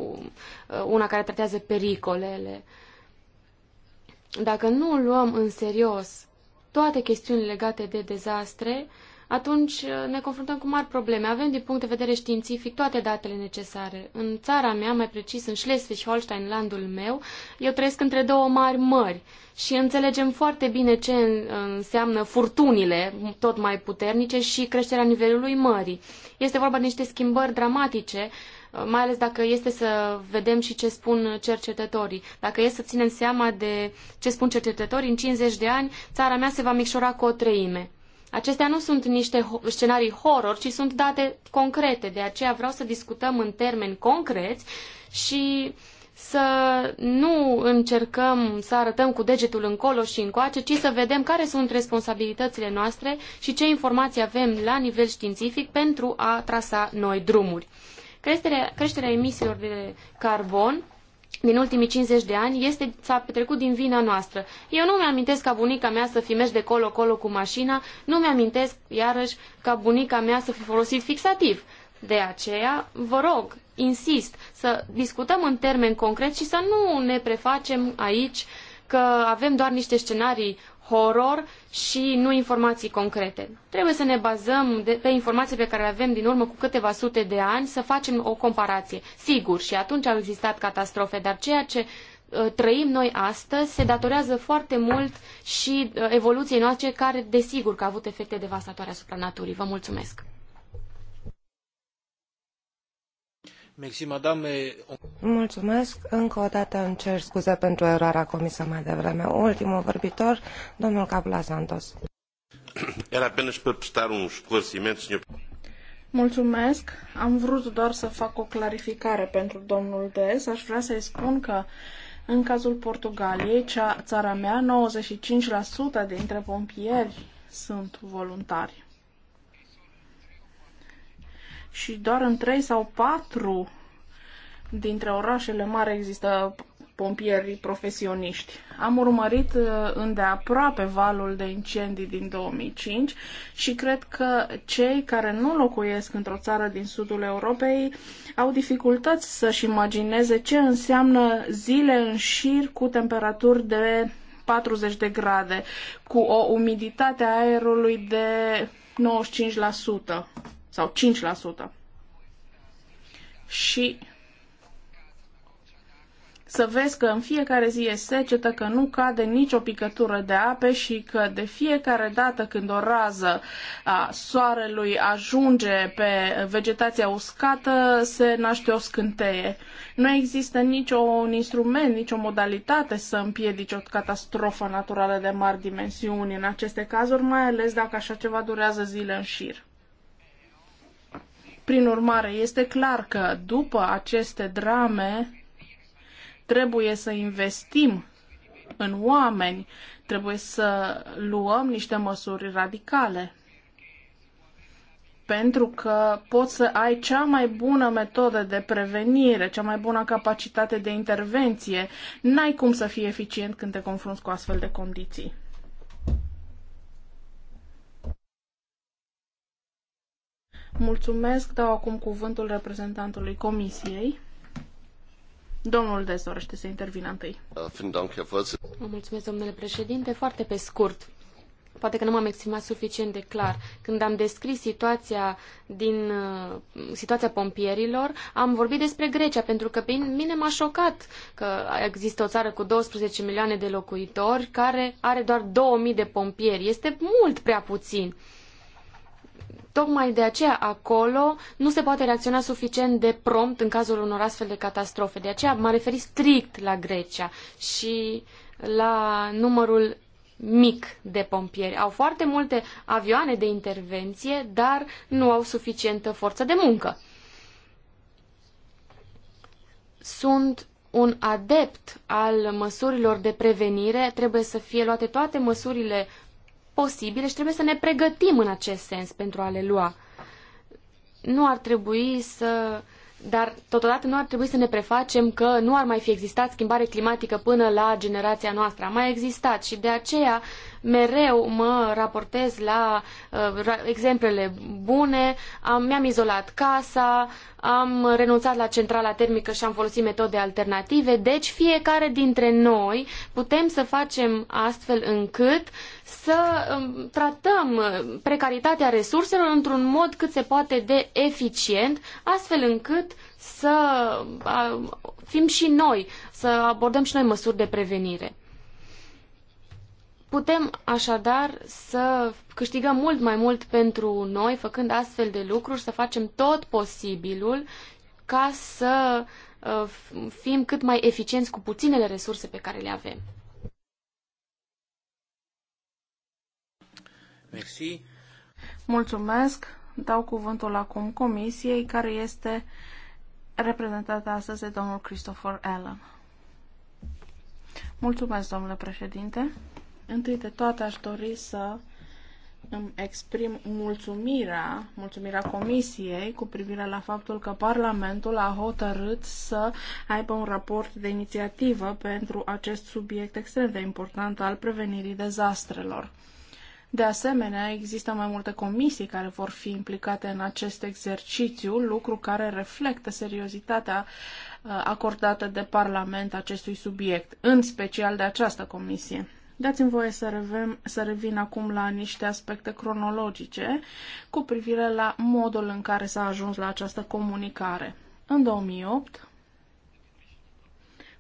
una care tratează pericolele uh, dacă nu luăm în serios toate chestiunile legate de dezastre, atunci uh, ne confruntăm cu mari probleme. Avem, din punct de vedere științific, toate datele necesare. În țara mea, mai precis în Schleswig-Holstein, landul meu, eu trăiesc între două mari mări și înțelegem foarte bine ce uh, înseamnă furtunile tot mai puternice și creșterea nivelului mării. Este vorba de niște schimbări dramatice uh, mai ales dacă este să vedem și ce spun cercetătorii. Dacă este să ținem seama de ce spun cercetătorii, în 50 de ani țara mea se va micșora cu o treime. Acestea nu sunt niște scenarii horror, ci sunt date concrete. De aceea vreau să discutăm în termeni concreți și să nu încercăm să arătăm cu degetul încolo și încoace, ci să vedem care sunt responsabilitățile noastre și ce informații avem la nivel științific pentru a trasa noi drumuri. Creșterea, creșterea emisiilor de carbon din ultimii 50 de ani este, s-a petrecut din vina noastră. Eu nu mi-amintesc ca bunica mea să fi mers de colo-colo cu mașina, nu mi-amintesc, iarăși, ca bunica mea să fi folosit fixativ. De aceea, vă rog, insist, să discutăm în termeni concret și să nu ne prefacem aici că avem doar niște scenarii horror și nu informații concrete. Trebuie să ne bazăm de, pe informații pe care le avem din urmă cu câteva sute de ani, să facem o comparație. Sigur, și atunci au existat catastrofe, dar ceea ce uh, trăim noi astăzi se datorează foarte mult și uh, evoluției noastre care, desigur, că a avut efecte devastatoare asupra naturii. Vă mulțumesc! Mulțumesc. Încă o dată îmi cer scuze pentru eroarea comisă mai devreme. Ultimul vorbitor, domnul Capula Santos. Era apenas para un um esclarecimento, senhor. Mulțumesc. Am vrut doar să fac o clarificare pentru domnul Des. Aș vrea să-i spun că în cazul Portugaliei, cea, țara mea, 95% dintre pompieri sunt voluntari și doar în trei sau patru dintre orașele mari există pompieri profesioniști. Am urmărit uh, îndeaproape valul de incendii din 2005 și cred că cei care nu locuiesc într-o țară din sudul Europei au dificultăți să-și imagineze ce înseamnă zile în șir cu temperaturi de 40 de grade, cu o umiditate a aerului de 95% sau 5%. Și să vezi că în fiecare zi e secetă, că nu cade nicio picătură de ape și că de fiecare dată când o rază a soarelui ajunge pe vegetația uscată, se naște o scânteie. Nu există niciun instrument, nicio modalitate să împiedici o catastrofă naturală de mari dimensiuni în aceste cazuri, mai ales dacă așa ceva durează zile în șir. Prin urmare, este clar că după aceste drame trebuie să investim în oameni, trebuie să luăm niște măsuri radicale. Pentru că poți să ai cea mai bună metodă de prevenire, cea mai bună capacitate de intervenție. N-ai cum să fii eficient când te confrunți cu astfel de condiții. Mulțumesc, dau acum cuvântul reprezentantului Comisiei. Domnul Des dorește să intervină întâi. Uh, mulțumesc, domnule președinte. Foarte pe scurt, poate că nu m-am exprimat suficient de clar. Când am descris situația din uh, situația pompierilor, am vorbit despre Grecia, pentru că pe mine m-a șocat că există o țară cu 12 milioane de locuitori care are doar 2000 de pompieri. Este mult prea puțin. Tocmai de aceea acolo nu se poate reacționa suficient de prompt în cazul unor astfel de catastrofe. De aceea m-am referit strict la Grecia și la numărul mic de pompieri. Au foarte multe avioane de intervenție, dar nu au suficientă forță de muncă. Sunt un adept al măsurilor de prevenire, trebuie să fie luate toate măsurile posibile și trebuie să ne pregătim în acest sens pentru a le lua. Nu ar trebui să dar totodată nu ar trebui să ne prefacem că nu ar mai fi existat schimbare climatică până la generația noastră. A mai existat și de aceea mereu mă raportez la uh, exemplele bune, am, mi-am izolat casa, am renunțat la centrala termică și am folosit metode alternative, deci fiecare dintre noi putem să facem astfel încât să um, tratăm precaritatea resurselor într-un mod cât se poate de eficient, astfel încât să fim și noi, să abordăm și noi măsuri de prevenire. Putem așadar să câștigăm mult mai mult pentru noi, făcând astfel de lucruri, să facem tot posibilul ca să uh, fim cât mai eficienți cu puținele resurse pe care le avem. Merci. Mulțumesc. Dau cuvântul acum comisiei, care este reprezentată astăzi de domnul Christopher Allen. Mulțumesc, domnule președinte. Întâi de toate aș dori să îmi exprim mulțumirea, mulțumirea Comisiei cu privire la faptul că Parlamentul a hotărât să aibă un raport de inițiativă pentru acest subiect extrem de important al prevenirii dezastrelor. De asemenea, există mai multe comisii care vor fi implicate în acest exercițiu, lucru care reflectă seriozitatea uh, acordată de Parlament acestui subiect, în special de această comisie. Dați-mi voie să, revem, să revin acum la niște aspecte cronologice cu privire la modul în care s-a ajuns la această comunicare. În 2008,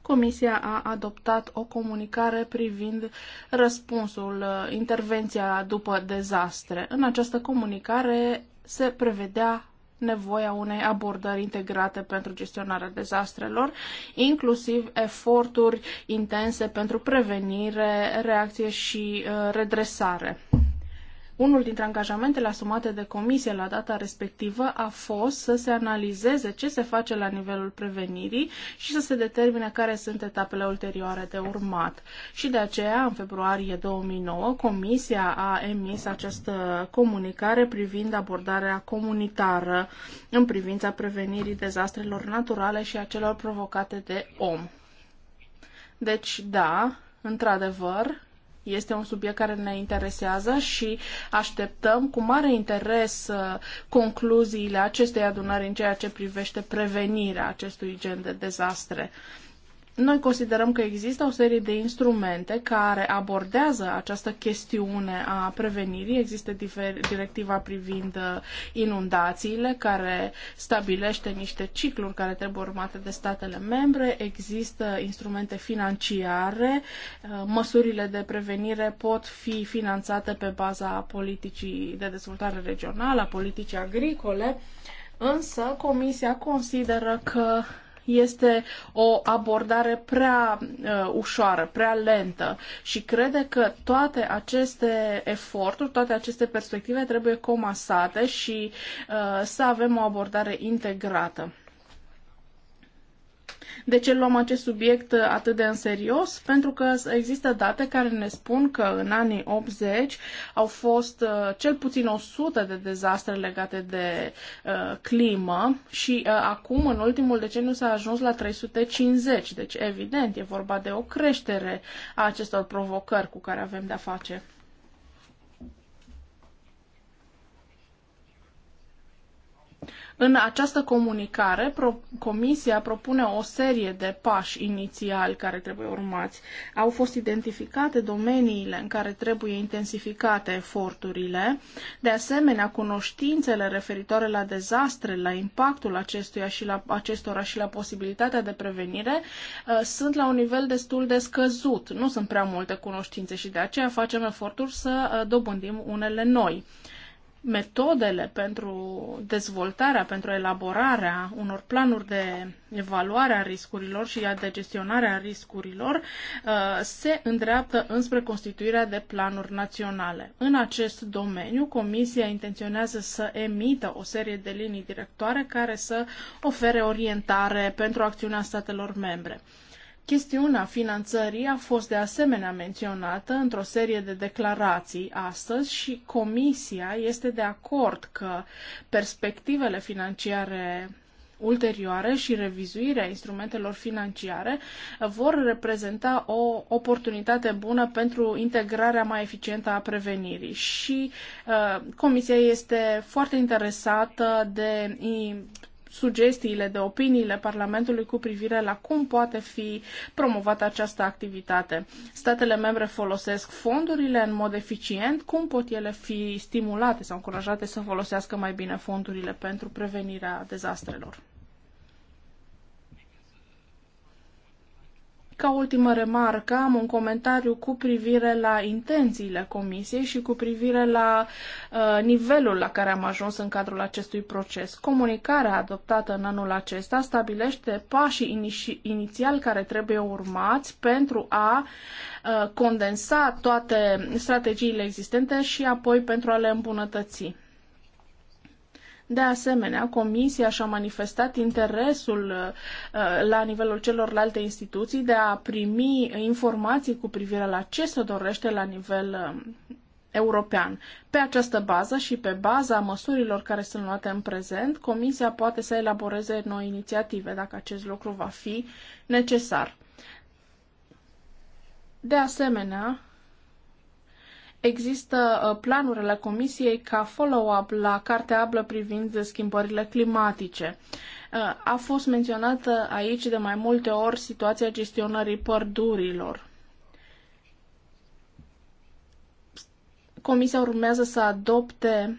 Comisia a adoptat o comunicare privind răspunsul, uh, intervenția după dezastre. În această comunicare se prevedea nevoia unei abordări integrate pentru gestionarea dezastrelor, inclusiv eforturi intense pentru prevenire, reacție și uh, redresare. Unul dintre angajamentele asumate de comisie la data respectivă a fost să se analizeze ce se face la nivelul prevenirii și să se determine care sunt etapele ulterioare de urmat. Și de aceea, în februarie 2009, comisia a emis această comunicare privind abordarea comunitară în privința prevenirii dezastrelor naturale și a celor provocate de om. Deci, da, într-adevăr, este un subiect care ne interesează și așteptăm cu mare interes uh, concluziile acestei adunări în ceea ce privește prevenirea acestui gen de dezastre. Noi considerăm că există o serie de instrumente care abordează această chestiune a prevenirii. Există directiva privind uh, inundațiile care stabilește niște cicluri care trebuie urmate de statele membre. Există instrumente financiare. Uh, măsurile de prevenire pot fi finanțate pe baza politicii de dezvoltare regională, a politicii agricole. Însă Comisia consideră că este o abordare prea uh, ușoară, prea lentă și crede că toate aceste eforturi, toate aceste perspective trebuie comasate și uh, să avem o abordare integrată. De ce luăm acest subiect atât de în serios? Pentru că există date care ne spun că în anii 80 au fost uh, cel puțin 100 de dezastre legate de uh, climă și uh, acum, în ultimul deceniu, s-a ajuns la 350. Deci, evident, e vorba de o creștere a acestor provocări cu care avem de-a face. În această comunicare, pro- Comisia propune o serie de pași inițiali care trebuie urmați. Au fost identificate domeniile în care trebuie intensificate eforturile, de asemenea cunoștințele referitoare la dezastre, la impactul acestuia și la, acestora și la posibilitatea de prevenire uh, sunt la un nivel destul de scăzut. Nu sunt prea multe cunoștințe și de aceea facem eforturi să uh, dobândim unele noi metodele pentru dezvoltarea, pentru elaborarea unor planuri de evaluare a riscurilor și a de gestionare a riscurilor uh, se îndreaptă înspre constituirea de planuri naționale. În acest domeniu, Comisia intenționează să emită o serie de linii directoare care să ofere orientare pentru acțiunea statelor membre. Chestiunea finanțării a fost de asemenea menționată într-o serie de declarații astăzi și Comisia este de acord că perspectivele financiare ulterioare și revizuirea instrumentelor financiare vor reprezenta o oportunitate bună pentru integrarea mai eficientă a prevenirii și uh, Comisia este foarte interesată de sugestiile de opiniile Parlamentului cu privire la cum poate fi promovată această activitate. Statele membre folosesc fondurile în mod eficient, cum pot ele fi stimulate sau încurajate să folosească mai bine fondurile pentru prevenirea dezastrelor. Ca ultimă remarcă, am un comentariu cu privire la intențiile comisiei și cu privire la uh, nivelul la care am ajuns în cadrul acestui proces. Comunicarea adoptată în anul acesta stabilește pașii inițiali inițial care trebuie urmați pentru a uh, condensa toate strategiile existente și apoi pentru a le îmbunătăți. De asemenea, Comisia și-a manifestat interesul uh, la nivelul celorlalte instituții de a primi informații cu privire la ce se dorește la nivel um, european. Pe această bază și pe baza măsurilor care sunt luate în prezent, Comisia poate să elaboreze noi inițiative dacă acest lucru va fi necesar. De asemenea, Există uh, planurile Comisiei ca follow-up la Cartea Ablă privind schimbările climatice. Uh, a fost menționată aici de mai multe ori situația gestionării pădurilor. Comisia urmează să adopte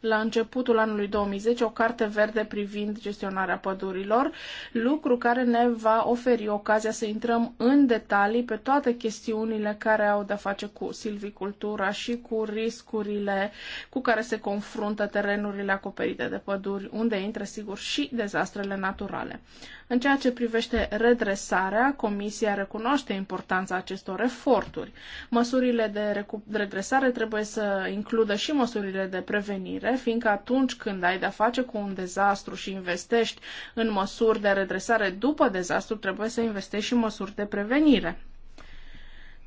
la începutul anului 2010 o carte verde privind gestionarea pădurilor, lucru care ne va oferi ocazia să intrăm în detalii pe toate chestiunile care au de-a face cu silvicultura și cu riscurile cu care se confruntă terenurile acoperite de păduri, unde intră sigur și dezastrele naturale. În ceea ce privește redresarea, Comisia recunoaște importanța acestor eforturi. Măsurile de redresare trebuie să includă și măsurile de prevenire, fiindcă atunci când ai de-a face cu un dezastru și investești în măsuri de redresare după dezastru, trebuie să investești și măsuri de prevenire.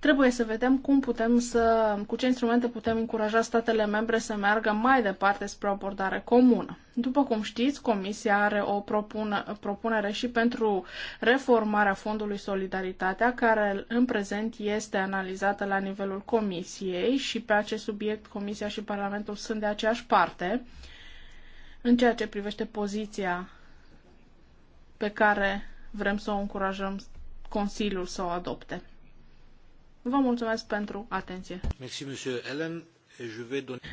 Trebuie să vedem cum putem să, cu ce instrumente putem încuraja statele membre să meargă mai departe spre o abordare comună. După cum știți, Comisia are o propună, propunere și pentru reformarea Fondului Solidaritatea, care în prezent este analizată la nivelul Comisiei și pe acest subiect Comisia și Parlamentul sunt de aceeași parte în ceea ce privește poziția pe care vrem să o încurajăm Consiliul să o adopte. Vă mulțumesc pentru atenție. Merci, monsieur Ellen.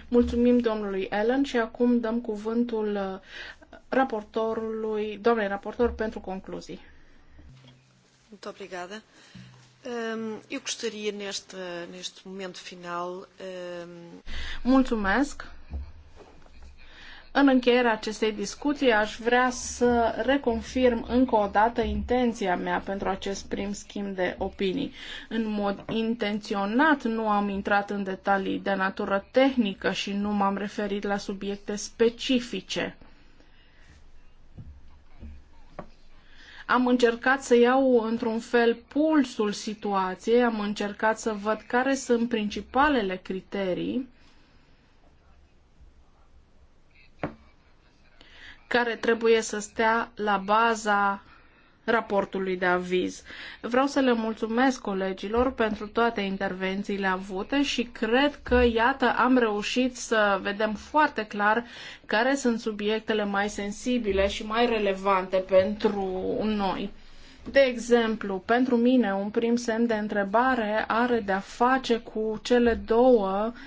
Mulțumim domnului Ellen și acum dăm cuvântul uh, raportorului, domnului raportor pentru concluzii. Muito obrigada. Ehm, eu gostaria neste, neste momento final. Ehm, mulțumesc. În încheierea acestei discuții aș vrea să reconfirm încă o dată intenția mea pentru acest prim schimb de opinii. În mod intenționat nu am intrat în detalii de natură tehnică și nu m-am referit la subiecte specifice. Am încercat să iau într-un fel pulsul situației, am încercat să văd care sunt principalele criterii care trebuie să stea la baza raportului de aviz. Vreau să le mulțumesc colegilor pentru toate intervențiile avute și cred că, iată, am reușit să vedem foarte clar care sunt subiectele mai sensibile și mai relevante pentru noi. De exemplu, pentru mine un prim semn de întrebare are de-a face cu cele două uh,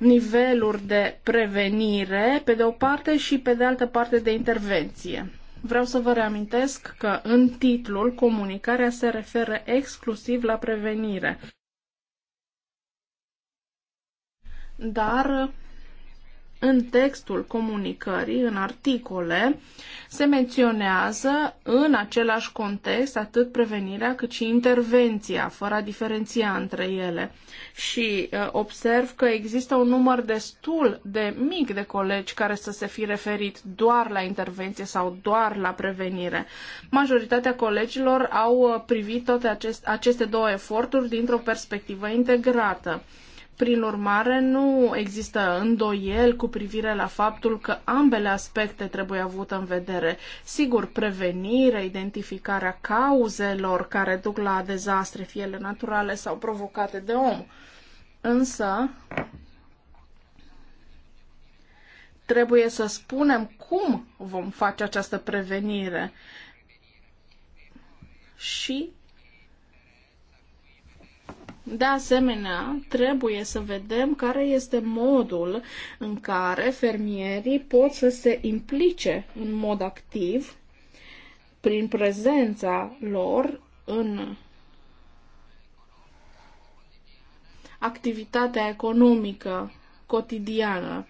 niveluri de prevenire, pe de o parte, și pe de altă parte de intervenție. Vreau să vă reamintesc că în titlul comunicarea se referă exclusiv la prevenire. Dar în textul comunicării, în articole, se menționează în același context atât prevenirea cât și intervenția, fără a diferenția între ele. Și uh, observ că există un număr destul de mic de colegi care să se fi referit doar la intervenție sau doar la prevenire. Majoritatea colegilor au uh, privit toate acest, aceste două eforturi dintr-o perspectivă integrată. Prin urmare, nu există îndoiel cu privire la faptul că ambele aspecte trebuie avute în vedere. Sigur, prevenirea, identificarea cauzelor care duc la dezastre, fie ele naturale sau provocate de om. Însă, trebuie să spunem cum vom face această prevenire și de asemenea, trebuie să vedem care este modul în care fermierii pot să se implice în mod activ prin prezența lor în activitatea economică cotidiană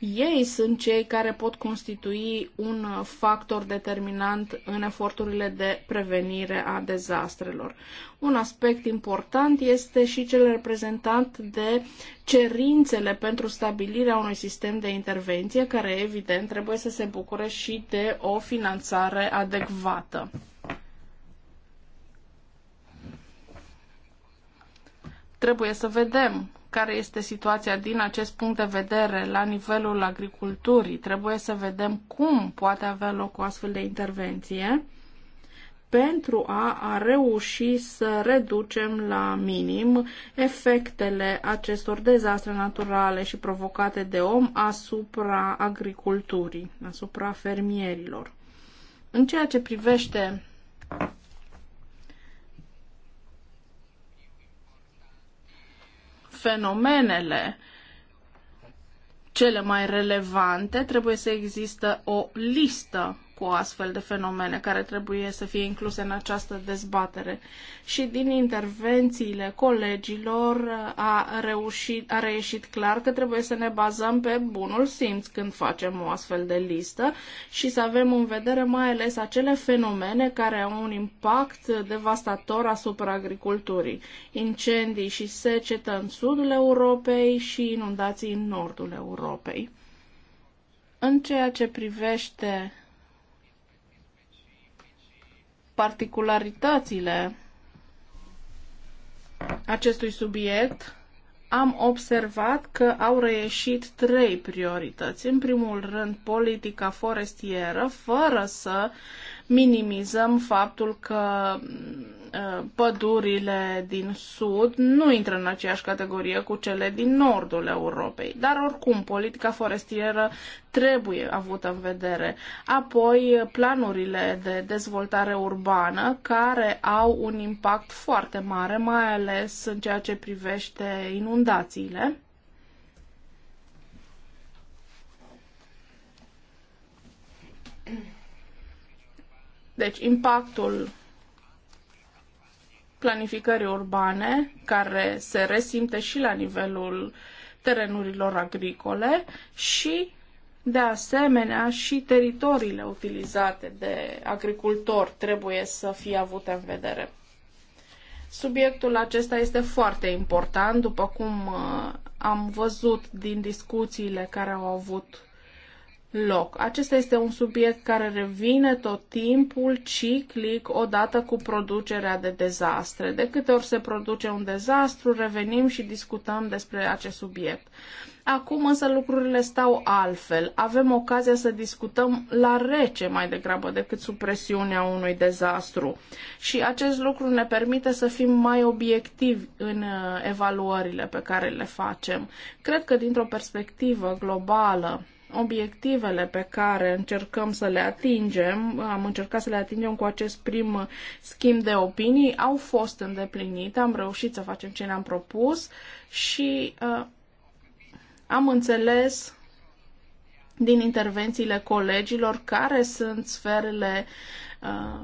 ei sunt cei care pot constitui un factor determinant în eforturile de prevenire a dezastrelor. Un aspect important este și cel reprezentat de cerințele pentru stabilirea unui sistem de intervenție, care evident trebuie să se bucure și de o finanțare adecvată. Trebuie să vedem care este situația din acest punct de vedere la nivelul agriculturii. Trebuie să vedem cum poate avea loc o astfel de intervenție pentru a, a reuși să reducem la minim efectele acestor dezastre naturale și provocate de om asupra agriculturii, asupra fermierilor. În ceea ce privește fenomenele cele mai relevante, trebuie să există o listă cu astfel de fenomene care trebuie să fie incluse în această dezbatere. Și din intervențiile colegilor a, reușit, a reieșit clar că trebuie să ne bazăm pe bunul simț când facem o astfel de listă și să avem în vedere mai ales acele fenomene care au un impact devastator asupra agriculturii. Incendii și secetă în sudul Europei și inundații în nordul Europei. În ceea ce privește particularitățile acestui subiect, am observat că au reieșit trei priorități. În primul rând, politica forestieră, fără să minimizăm faptul că Uh, pădurile din sud nu intră în aceeași categorie cu cele din nordul Europei. Dar oricum, politica forestieră trebuie avută în vedere. Apoi, planurile de dezvoltare urbană, care au un impact foarte mare, mai ales în ceea ce privește inundațiile. Deci, impactul planificării urbane, care se resimte și la nivelul terenurilor agricole și, de asemenea, și teritoriile utilizate de agricultori trebuie să fie avute în vedere. Subiectul acesta este foarte important, după cum uh, am văzut din discuțiile care au avut loc. Acesta este un subiect care revine tot timpul, ciclic, odată cu producerea de dezastre. De câte ori se produce un dezastru, revenim și discutăm despre acest subiect. Acum însă lucrurile stau altfel. Avem ocazia să discutăm la rece mai degrabă decât sub presiunea unui dezastru. Și acest lucru ne permite să fim mai obiectivi în uh, evaluările pe care le facem. Cred că dintr-o perspectivă globală obiectivele pe care încercăm să le atingem, am încercat să le atingem cu acest prim schimb de opinii, au fost îndeplinite, am reușit să facem ce ne-am propus și uh, am înțeles din intervențiile colegilor care sunt sferele, uh,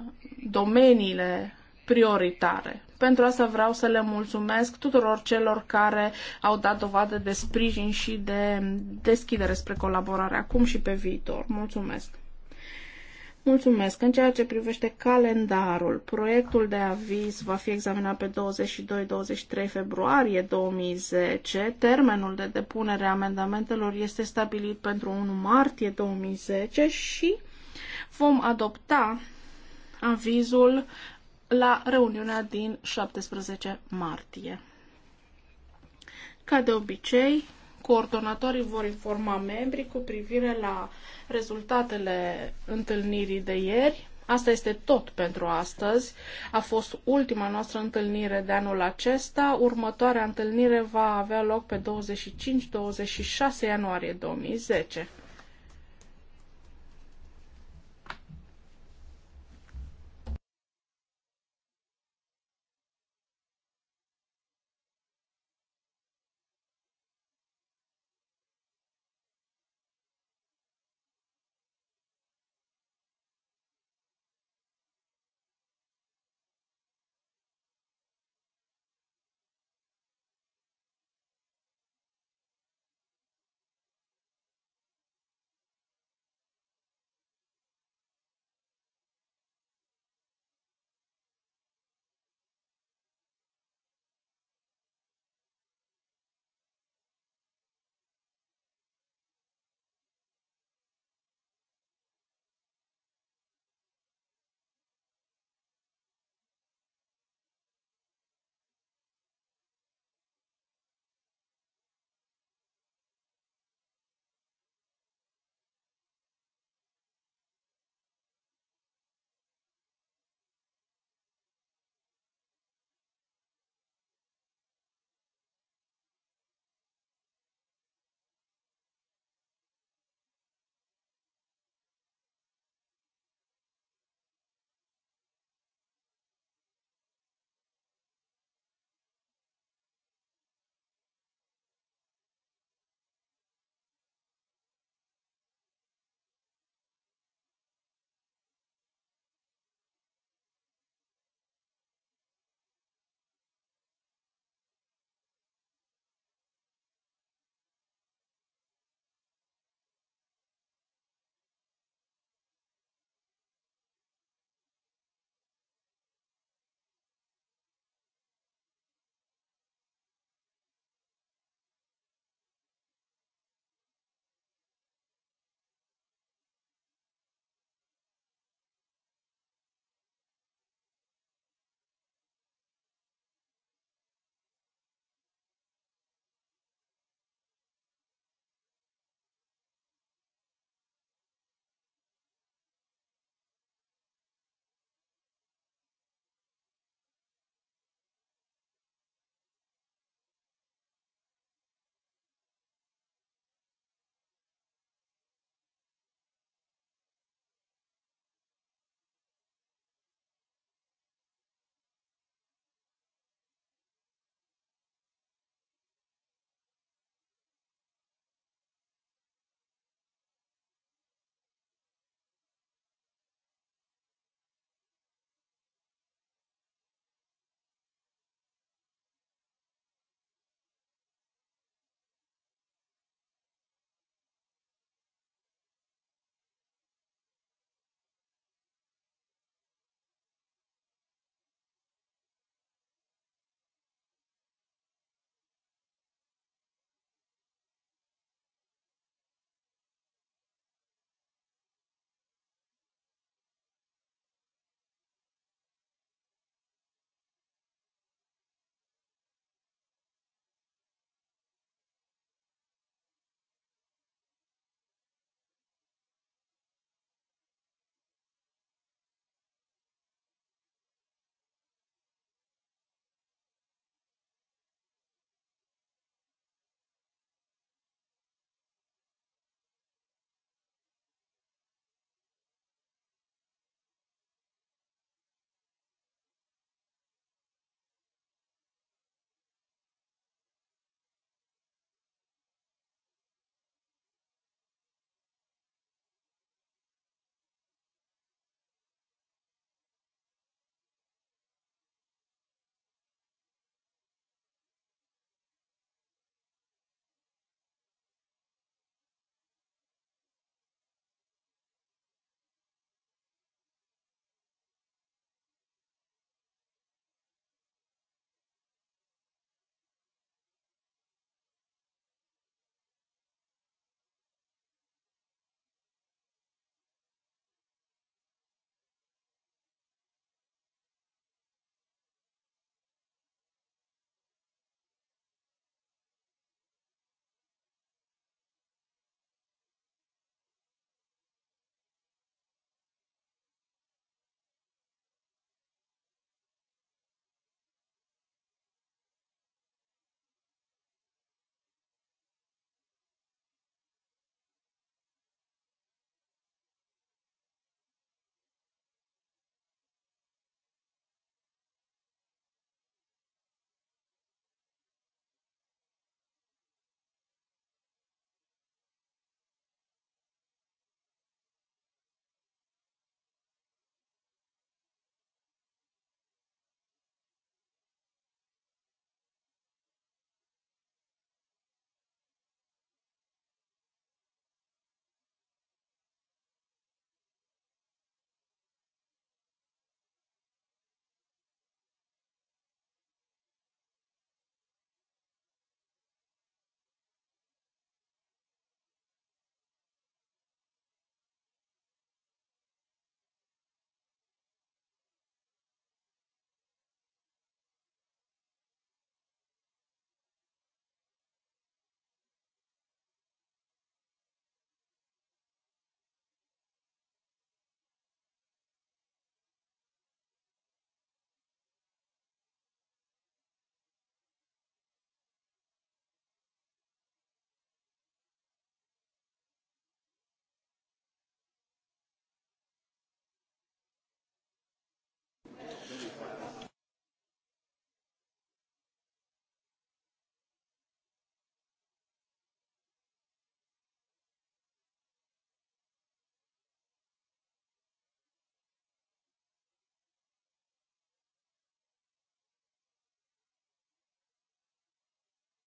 domeniile prioritare pentru asta vreau să le mulțumesc tuturor celor care au dat dovadă de sprijin și de deschidere spre colaborare acum și pe viitor. Mulțumesc! Mulțumesc. În ceea ce privește calendarul, proiectul de aviz va fi examinat pe 22-23 februarie 2010. Termenul de depunere a amendamentelor este stabilit pentru 1 martie 2010 și vom adopta avizul la reuniunea din 17 martie. Ca de obicei, coordonatorii vor informa membrii cu privire la rezultatele întâlnirii de ieri. Asta este tot pentru astăzi. A fost ultima noastră întâlnire de anul acesta. Următoarea întâlnire va avea loc pe 25-26 ianuarie 2010.